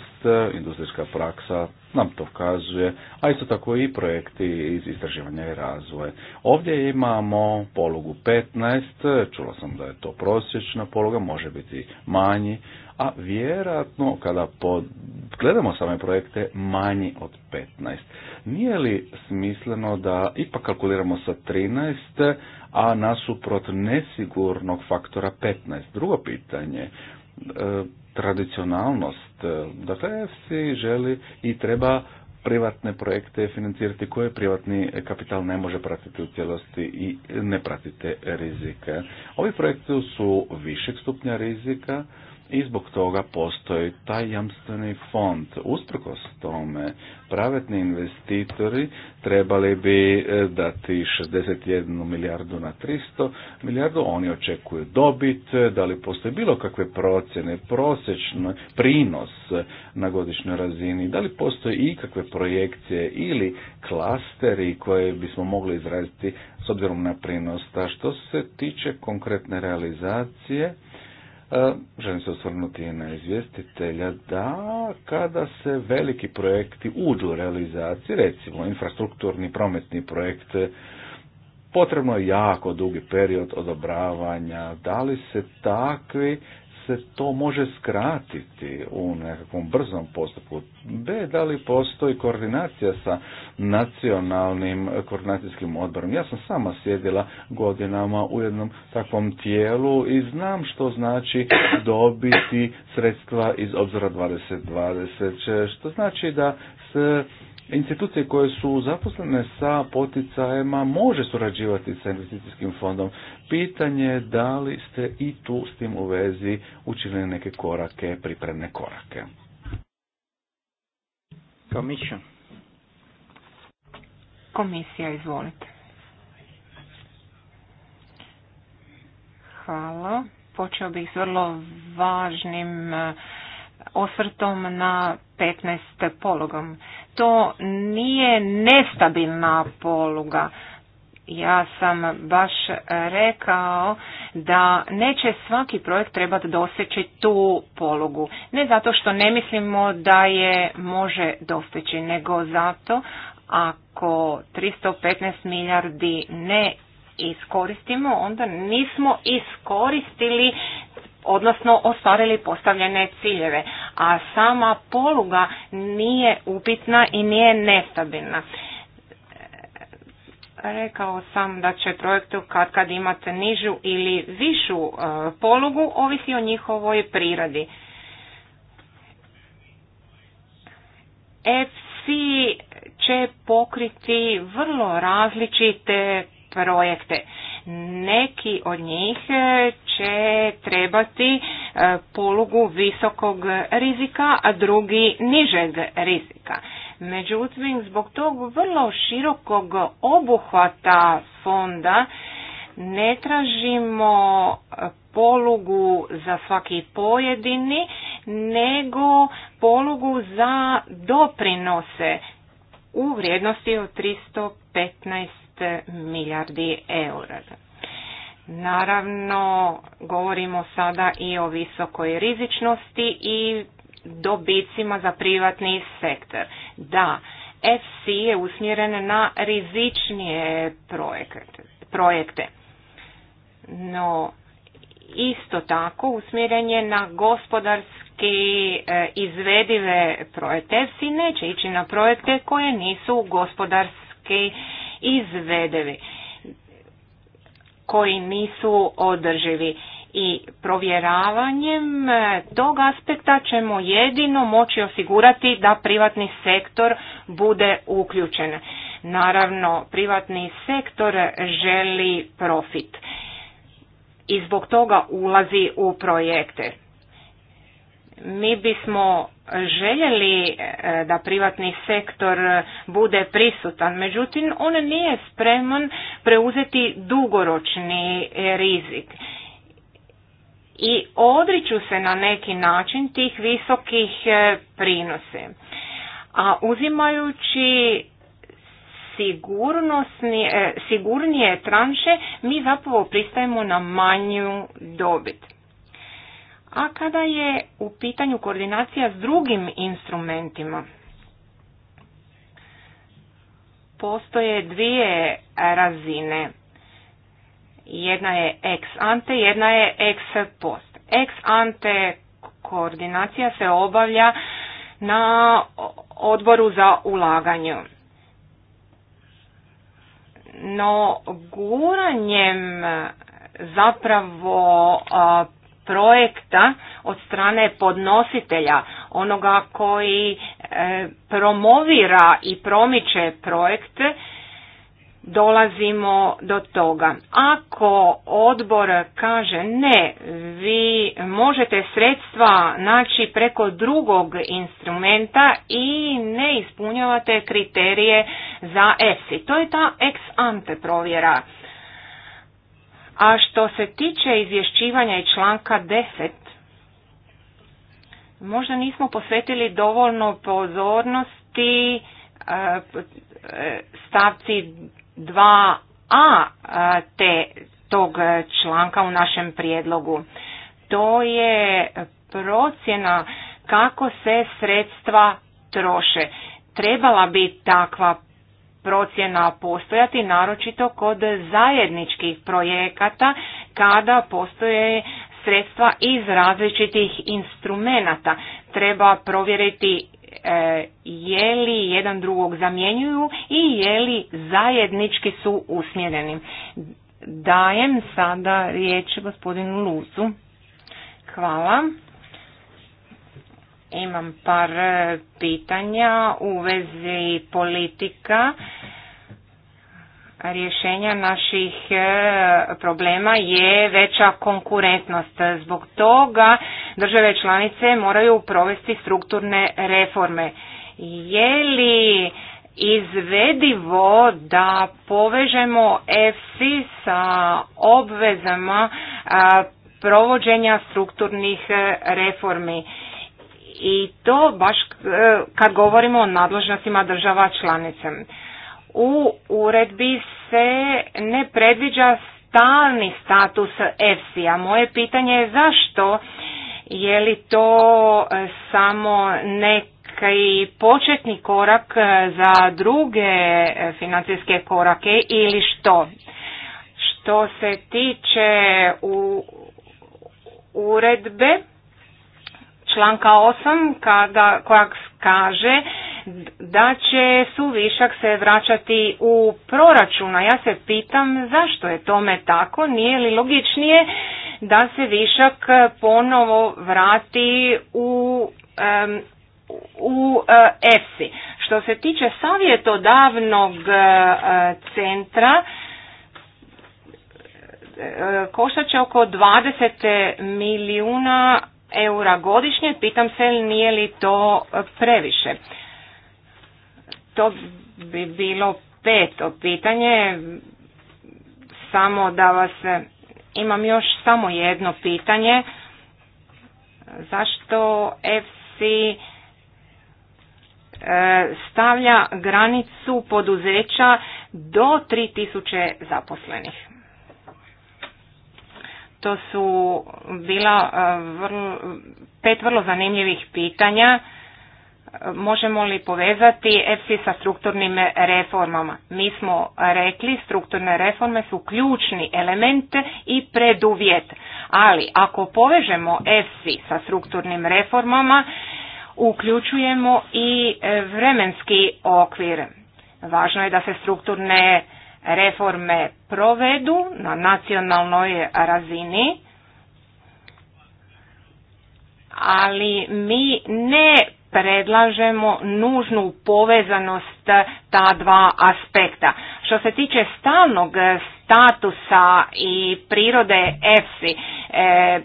industrijska praksa nam to kazuje, a isto tako i projekti iz istraživanja i razvoja. Ovdje imamo polugu 15, čula sam da je to prosječna poluga, može biti manji, a vjerojatno kada pod, gledamo same projekte manji od 15. Nije li smisleno da ipak kalkuliramo sa 13, a nasuprot nesigurnog faktora 15. Drugo pitanje, e, tradicionalnost. E, dakle, svi želi i treba privatne projekte financirati koje privatni kapital ne može pratiti u cijelosti i ne pratite rizike. Ovi projekti su višeg stupnja rizika, i zbog toga postoji taj jamstveni fond. Usprkos tome, pravetni investitori trebali bi e, dati 61 milijardu na 300 milijardu, oni očekuju dobit, e, da li postoje bilo kakve procjene, prosječno prinos e, na godišnjoj razini, da li postoje ikakve projekcije ili klasteri koje bismo mogli izraziti s obzirom na prinos. A što se tiče konkretne realizacije, E, želim se osvrnuti na izvjestitelja da kada se veliki projekti uđu u realizaciju, recimo infrastrukturni prometni projekt, potrebno je jako dugi period odobravanja, da li se takvi se to može skratiti u nekakvom brzom postupku? B, da li postoji koordinacija sa nacionalnim koordinacijskim odborom? Ja sam sama sjedila godinama u jednom takvom tijelu i znam što znači dobiti sredstva iz obzora 2020, što znači da se institucije koje su zaposlene sa poticajima može surađivati sa investicijskim fondom. Pitanje je da li ste i tu s tim u vezi učinili neke korake, pripremne korake. Komisija. Komisija, izvolite. Hvala. Počeo bih s vrlo važnim eh, osvrtom na 15 pologom to nije nestabilna poluga. Ja sam baš rekao da neće svaki projekt trebati doseći tu polugu. Ne zato što ne mislimo da je može doseći, nego zato ako 315 milijardi ne iskoristimo, onda nismo iskoristili odnosno ostvarili postavljene ciljeve, a sama poluga nije upitna i nije nestabilna. Rekao sam da će projektu kad kad imate nižu ili višu e, polugu, ovisi o njihovoj priradi. FC će pokriti vrlo različite projekte neki od njih e, će trebati e, polugu visokog rizika, a drugi nižeg rizika. Međutim, zbog tog vrlo širokog obuhvata fonda ne tražimo polugu za svaki pojedini, nego polugu za doprinose u vrijednosti od 315 milijardi eura. Naravno, govorimo sada i o visokoj rizičnosti i dobicima za privatni sektor. Da, FC je usmjeren na rizičnije projekte. No, isto tako usmjeren je na gospodarski e, izvedive projekte. FC neće ići na projekte koje nisu gospodarski izvedevi koji nisu održivi i provjeravanjem tog aspekta ćemo jedino moći osigurati da privatni sektor bude uključen. Naravno, privatni sektor želi profit i zbog toga ulazi u projekte. Mi bismo željeli e, da privatni sektor bude prisutan, međutim on nije spreman preuzeti dugoročni e, rizik i odriču se na neki način tih visokih e, prinose. A uzimajući sigurnije tranše mi zapravo pristajemo na manju dobit a kada je u pitanju koordinacija s drugim instrumentima, postoje dvije razine. Jedna je ex ante, jedna je ex post. Ex ante koordinacija se obavlja na odboru za ulaganju. No, guranjem zapravo projekta od strane podnositelja, onoga koji e, promovira i promiče projekt, dolazimo do toga. Ako odbor kaže ne, vi možete sredstva naći preko drugog instrumenta i ne ispunjavate kriterije za EFSI. To je ta ex ante provjera. A što se tiče izvješćivanja i članka 10, možda nismo posvetili dovoljno pozornosti e, stavci 2a e, te tog članka u našem prijedlogu. To je procjena kako se sredstva troše. Trebala bi takva procjena postojati, naročito kod zajedničkih projekata kada postoje sredstva iz različitih instrumenata. Treba provjeriti e, je li jedan drugog zamjenjuju i je li zajednički su usmjereni. Dajem sada riječ gospodinu Lucu. Hvala. Imam par e, pitanja u vezi politika rješenja naših e, problema je veća konkurentnost. Zbog toga države članice moraju provesti strukturne reforme. Je li izvedivo da povežemo EFSI sa obvezama provođenja strukturnih e, reformi? i to baš e, kad govorimo o nadležnostima država članice. U uredbi se ne predviđa stalni status EFSI-a. Moje pitanje je zašto je li to e, samo neki početni korak e, za druge financijske korake ili što? Što se tiče u uredbe, članka 8 kada, koja kaže da će su višak se vraćati u proračuna. Ja se pitam zašto je tome tako, nije li logičnije da se višak ponovo vrati u um, u eh, EFSI. Što se tiče savjetodavnog eh, centra, eh, koštat će oko 20 milijuna eura godišnje, pitam se nije li to previše. To bi bilo peto pitanje, samo da vas imam još samo jedno pitanje. Zašto FC e, stavlja granicu poduzeća do 3000 zaposlenih? To su bila e, vrlo, pet vrlo zanimljivih pitanja. E, možemo li povezati EFSI sa strukturnim reformama? Mi smo rekli strukturne reforme su ključni element i preduvjet. Ali ako povežemo EFSI sa strukturnim reformama, uključujemo i vremenski okvir. Važno je da se strukturne reforme provedu na nacionalnoj razini, ali mi ne predlažemo nužnu povezanost ta dva aspekta. Što se tiče stalnog statusa i prirode EFSI, e,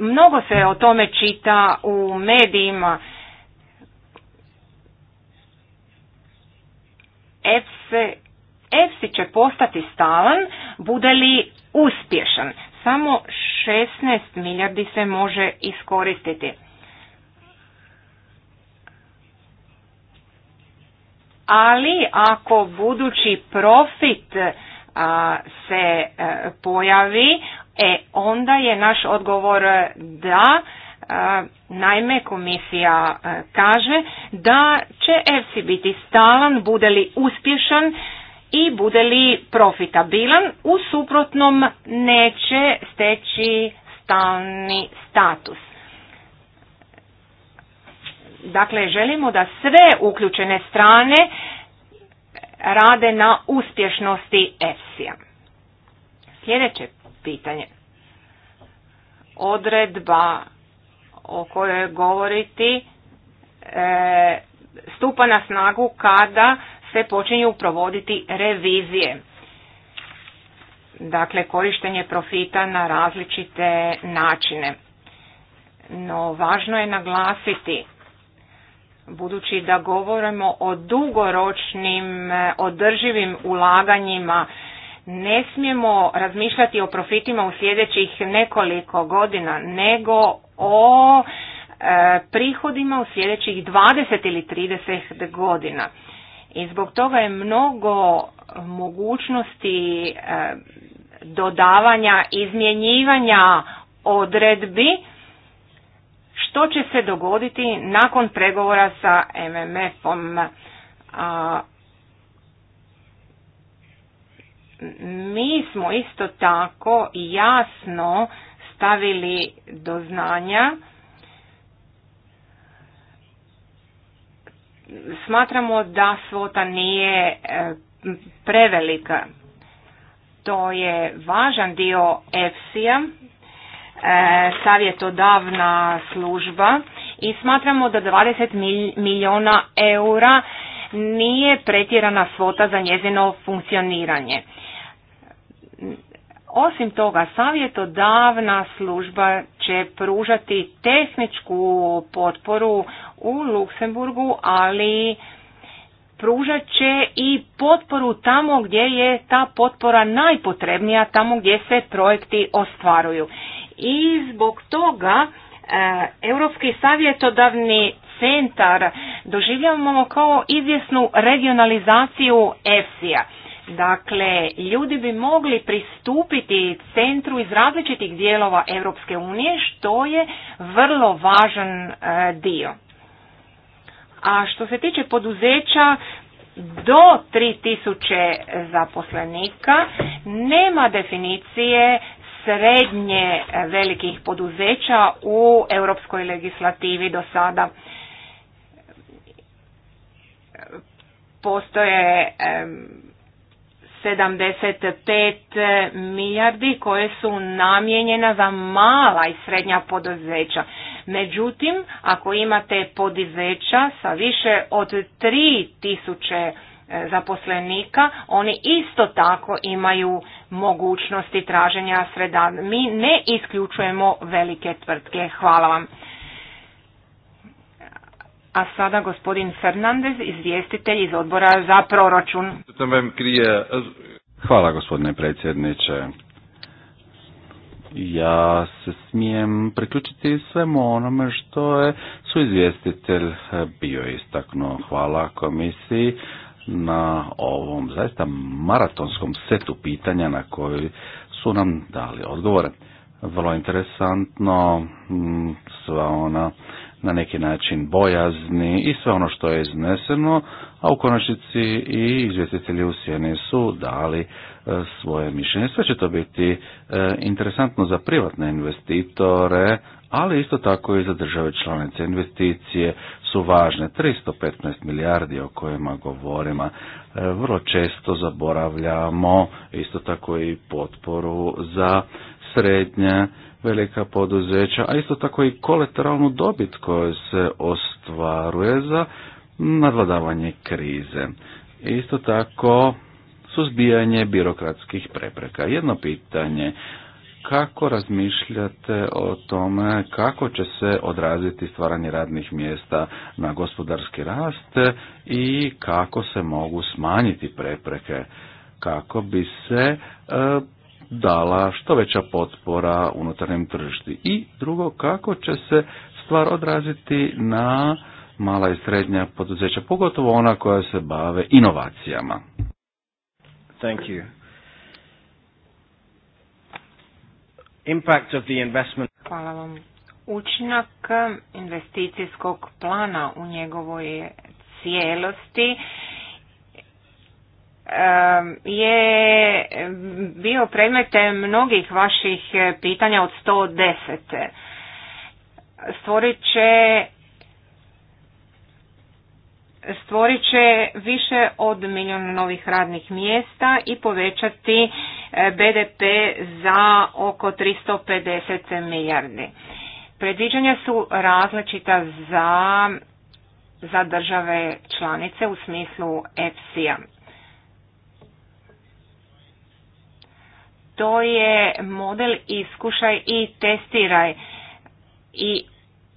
mnogo se o tome čita u medijima. EFSI EFSI će postati stalan, bude li uspješan. Samo 16 milijardi se može iskoristiti. Ali ako budući profit se pojavi, e onda je naš odgovor da Naime, komisija kaže da će EFSI biti stalan, bude li uspješan, i bude li profitabilan, u suprotnom neće steći stalni status. Dakle, želimo da sve uključene strane rade na uspješnosti EFSI-a. Sljedeće pitanje. Odredba o kojoj govoriti e, stupa na snagu kada se počinju provoditi revizije. Dakle, korištenje profita na različite načine. No, važno je naglasiti, budući da govorimo o dugoročnim e, održivim ulaganjima, ne smijemo razmišljati o profitima u sljedećih nekoliko godina, nego o e, prihodima u sljedećih 20 ili 30 godina. I zbog toga je mnogo mogućnosti e, dodavanja, izmjenjivanja odredbi što će se dogoditi nakon pregovora sa MMF-om. Mi smo isto tako jasno stavili do znanja Smatramo da svota nije e, prevelika. To je važan dio EFSI-a, e, savjetodavna služba i smatramo da 20 milijuna eura nije pretjerana svota za njezino funkcioniranje. Osim toga, savjetodavna služba će pružati tehničku potporu u Luksemburgu, ali pružat će i potporu tamo gdje je ta potpora najpotrebnija, tamo gdje se projekti ostvaruju. I zbog toga e, Europski savjetodavni centar doživljavamo kao izvjesnu regionalizaciju EFSI-a. Dakle, ljudi bi mogli pristupiti centru iz različitih dijelova Europske unije, što je vrlo važan e, dio. A što se tiče poduzeća do 3000 zaposlenika, nema definicije srednje velikih poduzeća u europskoj legislativi do sada. Postoje 75 milijardi koje su namijenjena za mala i srednja poduzeća. Međutim, ako imate poduzeća sa više od 3000 e, zaposlenika, oni isto tako imaju mogućnosti traženja sredan. Mi ne isključujemo velike tvrtke. Hvala vam. A sada gospodin Fernandez, izvjestitelj iz odbora za proračun. Hvala gospodine predsjedniče. Ja se smijem priključiti svemu onome što je su izvjestitelj bio istaknuo. Hvala komisiji na ovom zaista maratonskom setu pitanja na koji su nam dali odgovore. Vrlo interesantno sva ona na neki način bojazni i sve ono što je izneseno, a u konačnici i izvjestitelji u Sjeni su dali e, svoje mišljenje. Sve će to biti e, interesantno za privatne investitore, ali isto tako i za države članice. Investicije su važne, 315 milijardi o kojima govorimo. E, vrlo često zaboravljamo isto tako i potporu za srednje velika poduzeća, a isto tako i kolateralnu dobit koja se ostvaruje za nadladavanje krize. Isto tako suzbijanje birokratskih prepreka. Jedno pitanje, kako razmišljate o tome kako će se odraziti stvaranje radnih mjesta na gospodarski rast i kako se mogu smanjiti prepreke kako bi se e, dala što veća potpora unutarnjem tržišti I drugo, kako će se stvar odraziti na mala i srednja poduzeća, pogotovo ona koja se bave inovacijama. Thank you. Impact of the investment. Hvala vam. Učinak investicijskog plana u njegovoj cijelosti je bio predmet mnogih vaših e, pitanja od 110. Stvorit će stvorit će više od milijuna novih radnih mjesta i povećati e, BDP za oko 350 milijardi. Predviđanja su različita za, za države članice u smislu EFSI-a. to je model iskušaj i testiraj. I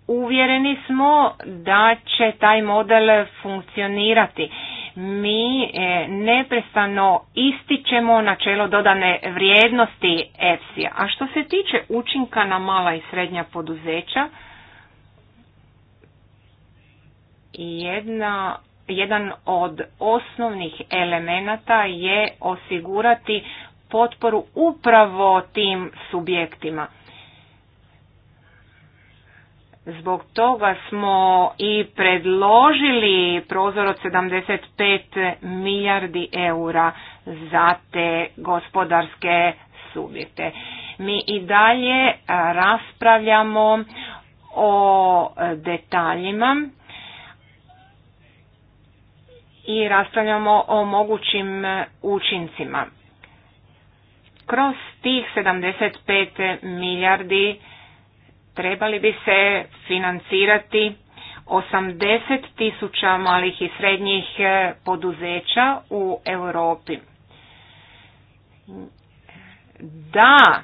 uvjereni smo da će taj model funkcionirati. Mi e, neprestano ističemo načelo dodane vrijednosti EFSI-a. A što se tiče učinka na mala i srednja poduzeća, jedna, jedan od osnovnih elemenata je osigurati potporu upravo tim subjektima. Zbog toga smo i predložili prozor od 75 milijardi eura za te gospodarske subjekte. Mi i dalje raspravljamo o detaljima i raspravljamo o mogućim učincima. Kroz tih 75 milijardi trebali bi se financirati 80 tisuća malih i srednjih e, poduzeća u Europi. Da,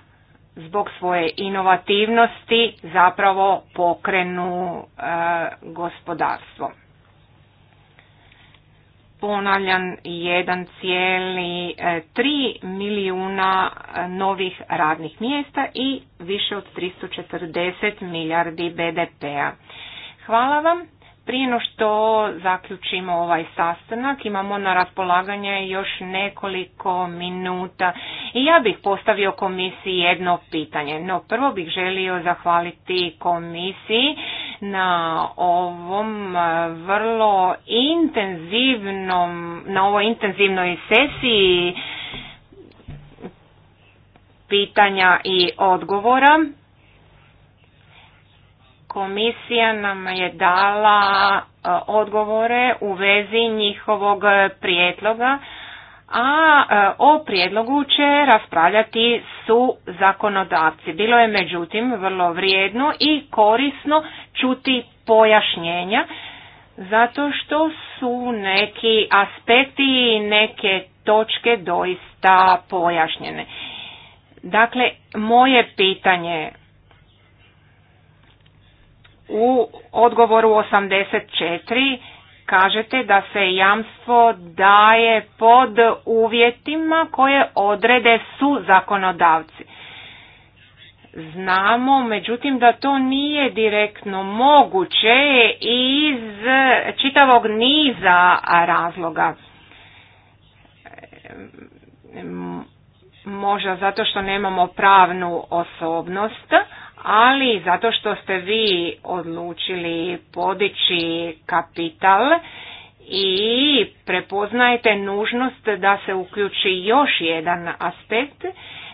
zbog svoje inovativnosti zapravo pokrenu e, gospodarstvo ponavljam 1,3 e, milijuna e, novih radnih mjesta i više od 340 milijardi BDP-a. Hvala vam. Prije no što zaključimo ovaj sastanak, imamo na raspolaganje još nekoliko minuta i ja bih postavio komisiji jedno pitanje. No prvo bih želio zahvaliti komisiji na ovom eh, vrlo intenzivnom, na ovoj intenzivnoj sesiji pitanja i odgovora. Komisija nam je dala eh, odgovore u vezi njihovog prijedloga a e, o prijedlogu će raspravljati su zakonodavci. Bilo je međutim vrlo vrijedno i korisno čuti pojašnjenja zato što su neki aspekti i neke točke doista pojašnjene. Dakle, moje pitanje u odgovoru 84 kažete da se jamstvo daje pod uvjetima koje odrede su zakonodavci. Znamo, međutim, da to nije direktno moguće iz čitavog niza razloga. Možda zato što nemamo pravnu osobnost, ali zato što ste vi odlučili podići kapital i prepoznajete nužnost da se uključi još jedan aspekt,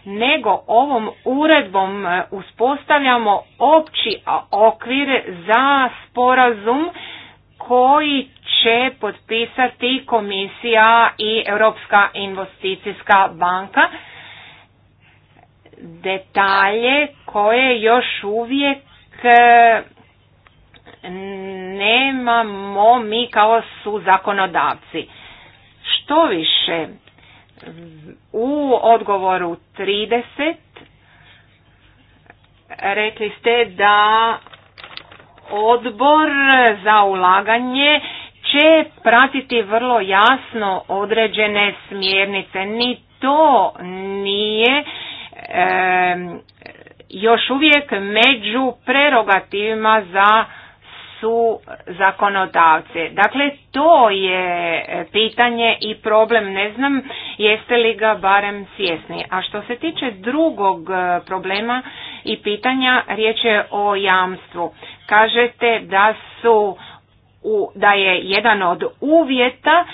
nego ovom uredbom e, uspostavljamo opći okvir za sporazum koji će potpisati komisija i Europska investicijska banka detalje koje još uvijek e, nemamo mi kao su zakonodavci. Što više, u odgovoru 30 rekli ste da odbor za ulaganje će pratiti vrlo jasno određene smjernice. Ni to nije još uvijek među prerogativima za su zakonodavce. Dakle, to je pitanje i problem, ne znam jeste li ga barem svjesni. A što se tiče drugog e, problema i pitanja, riječ je o jamstvu. Kažete da su u, da je jedan od uvjeta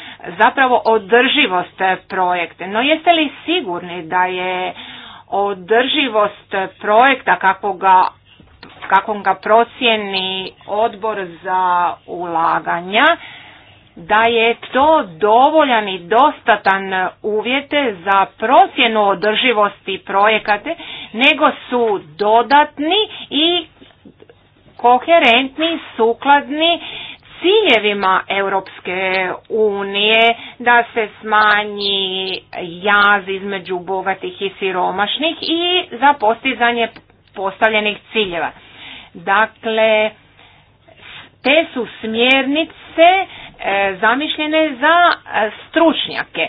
zapravo održivost projekte. No jeste li sigurni da je održivost projekta kako ga kakvom ga procjeni odbor za ulaganja, da je to dovoljan i dostatan uvjete za procjenu održivosti projekata nego su dodatni i koherentni, sukladni ciljevima Europske unije da se smanji jaz između bogatih i siromašnih i za postizanje postavljenih ciljeva. Dakle, te su smjernice e, zamišljene za e, stručnjake.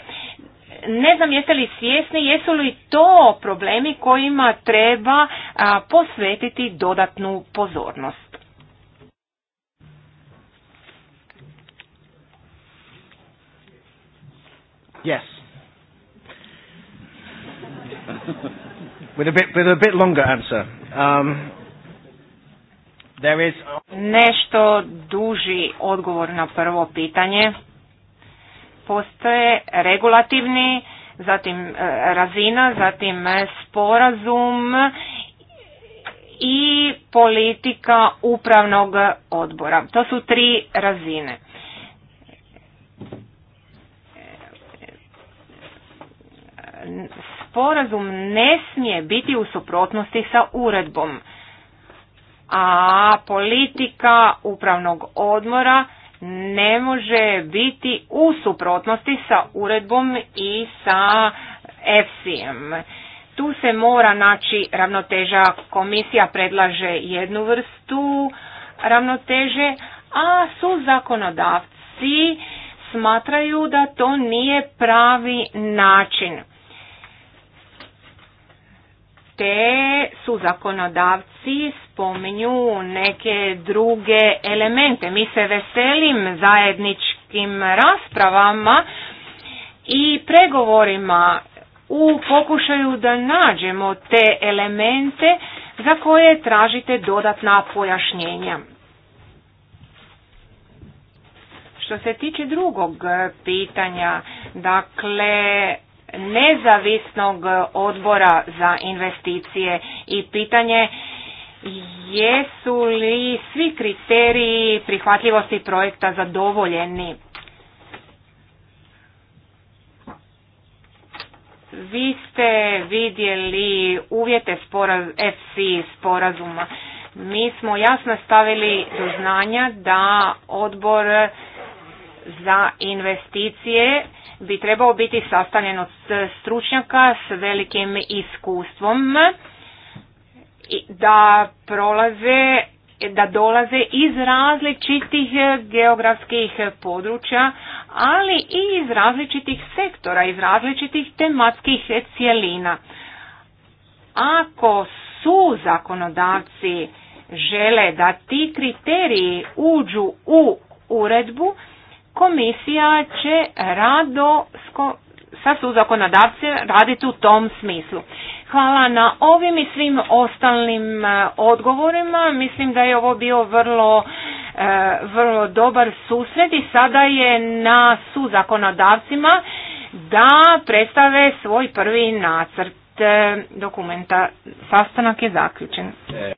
Ne znam jeste li svjesni, jesu li to problemi kojima treba posvetiti dodatnu pozornost. Yes. with a bit with a bit longer answer. Um, there is nešto duži odgovor na prvo pitanje. Postoje regulativni, zatim e, razina, zatim e, sporazum i politika upravnog odbora. To su tri razine. sporazum ne smije biti u suprotnosti sa uredbom. A politika upravnog odmora ne može biti u suprotnosti sa uredbom i sa FCM. Tu se mora naći ravnoteža. Komisija predlaže jednu vrstu ravnoteže, a su zakonodavci smatraju da to nije pravi način te su zakonodavci spominju neke druge elemente. Mi se veselim zajedničkim raspravama i pregovorima u pokušaju da nađemo te elemente za koje tražite dodatna pojašnjenja. Što se tiče drugog pitanja, dakle nezavisnog odbora za investicije i pitanje jesu li svi kriteriji prihvatljivosti projekta zadovoljeni. Vi ste vidjeli uvjete sporaz, FC sporazuma. Mi smo jasno stavili do znanja da odbor za investicije bi trebao biti sastavljen od stručnjaka s velikim iskustvom da prolaze da dolaze iz različitih geografskih područja, ali i iz različitih sektora, iz različitih tematskih cjelina. Ako su zakonodavci žele da ti kriteriji uđu u uredbu, komisija će rado sa suzakonodavcem raditi u tom smislu. Hvala na ovim i svim ostalim e, odgovorima. Mislim da je ovo bio vrlo e, vrlo dobar susret i sada je na suzakonodavcima da predstave svoj prvi nacrt e, dokumenta. Sastanak je zaključen.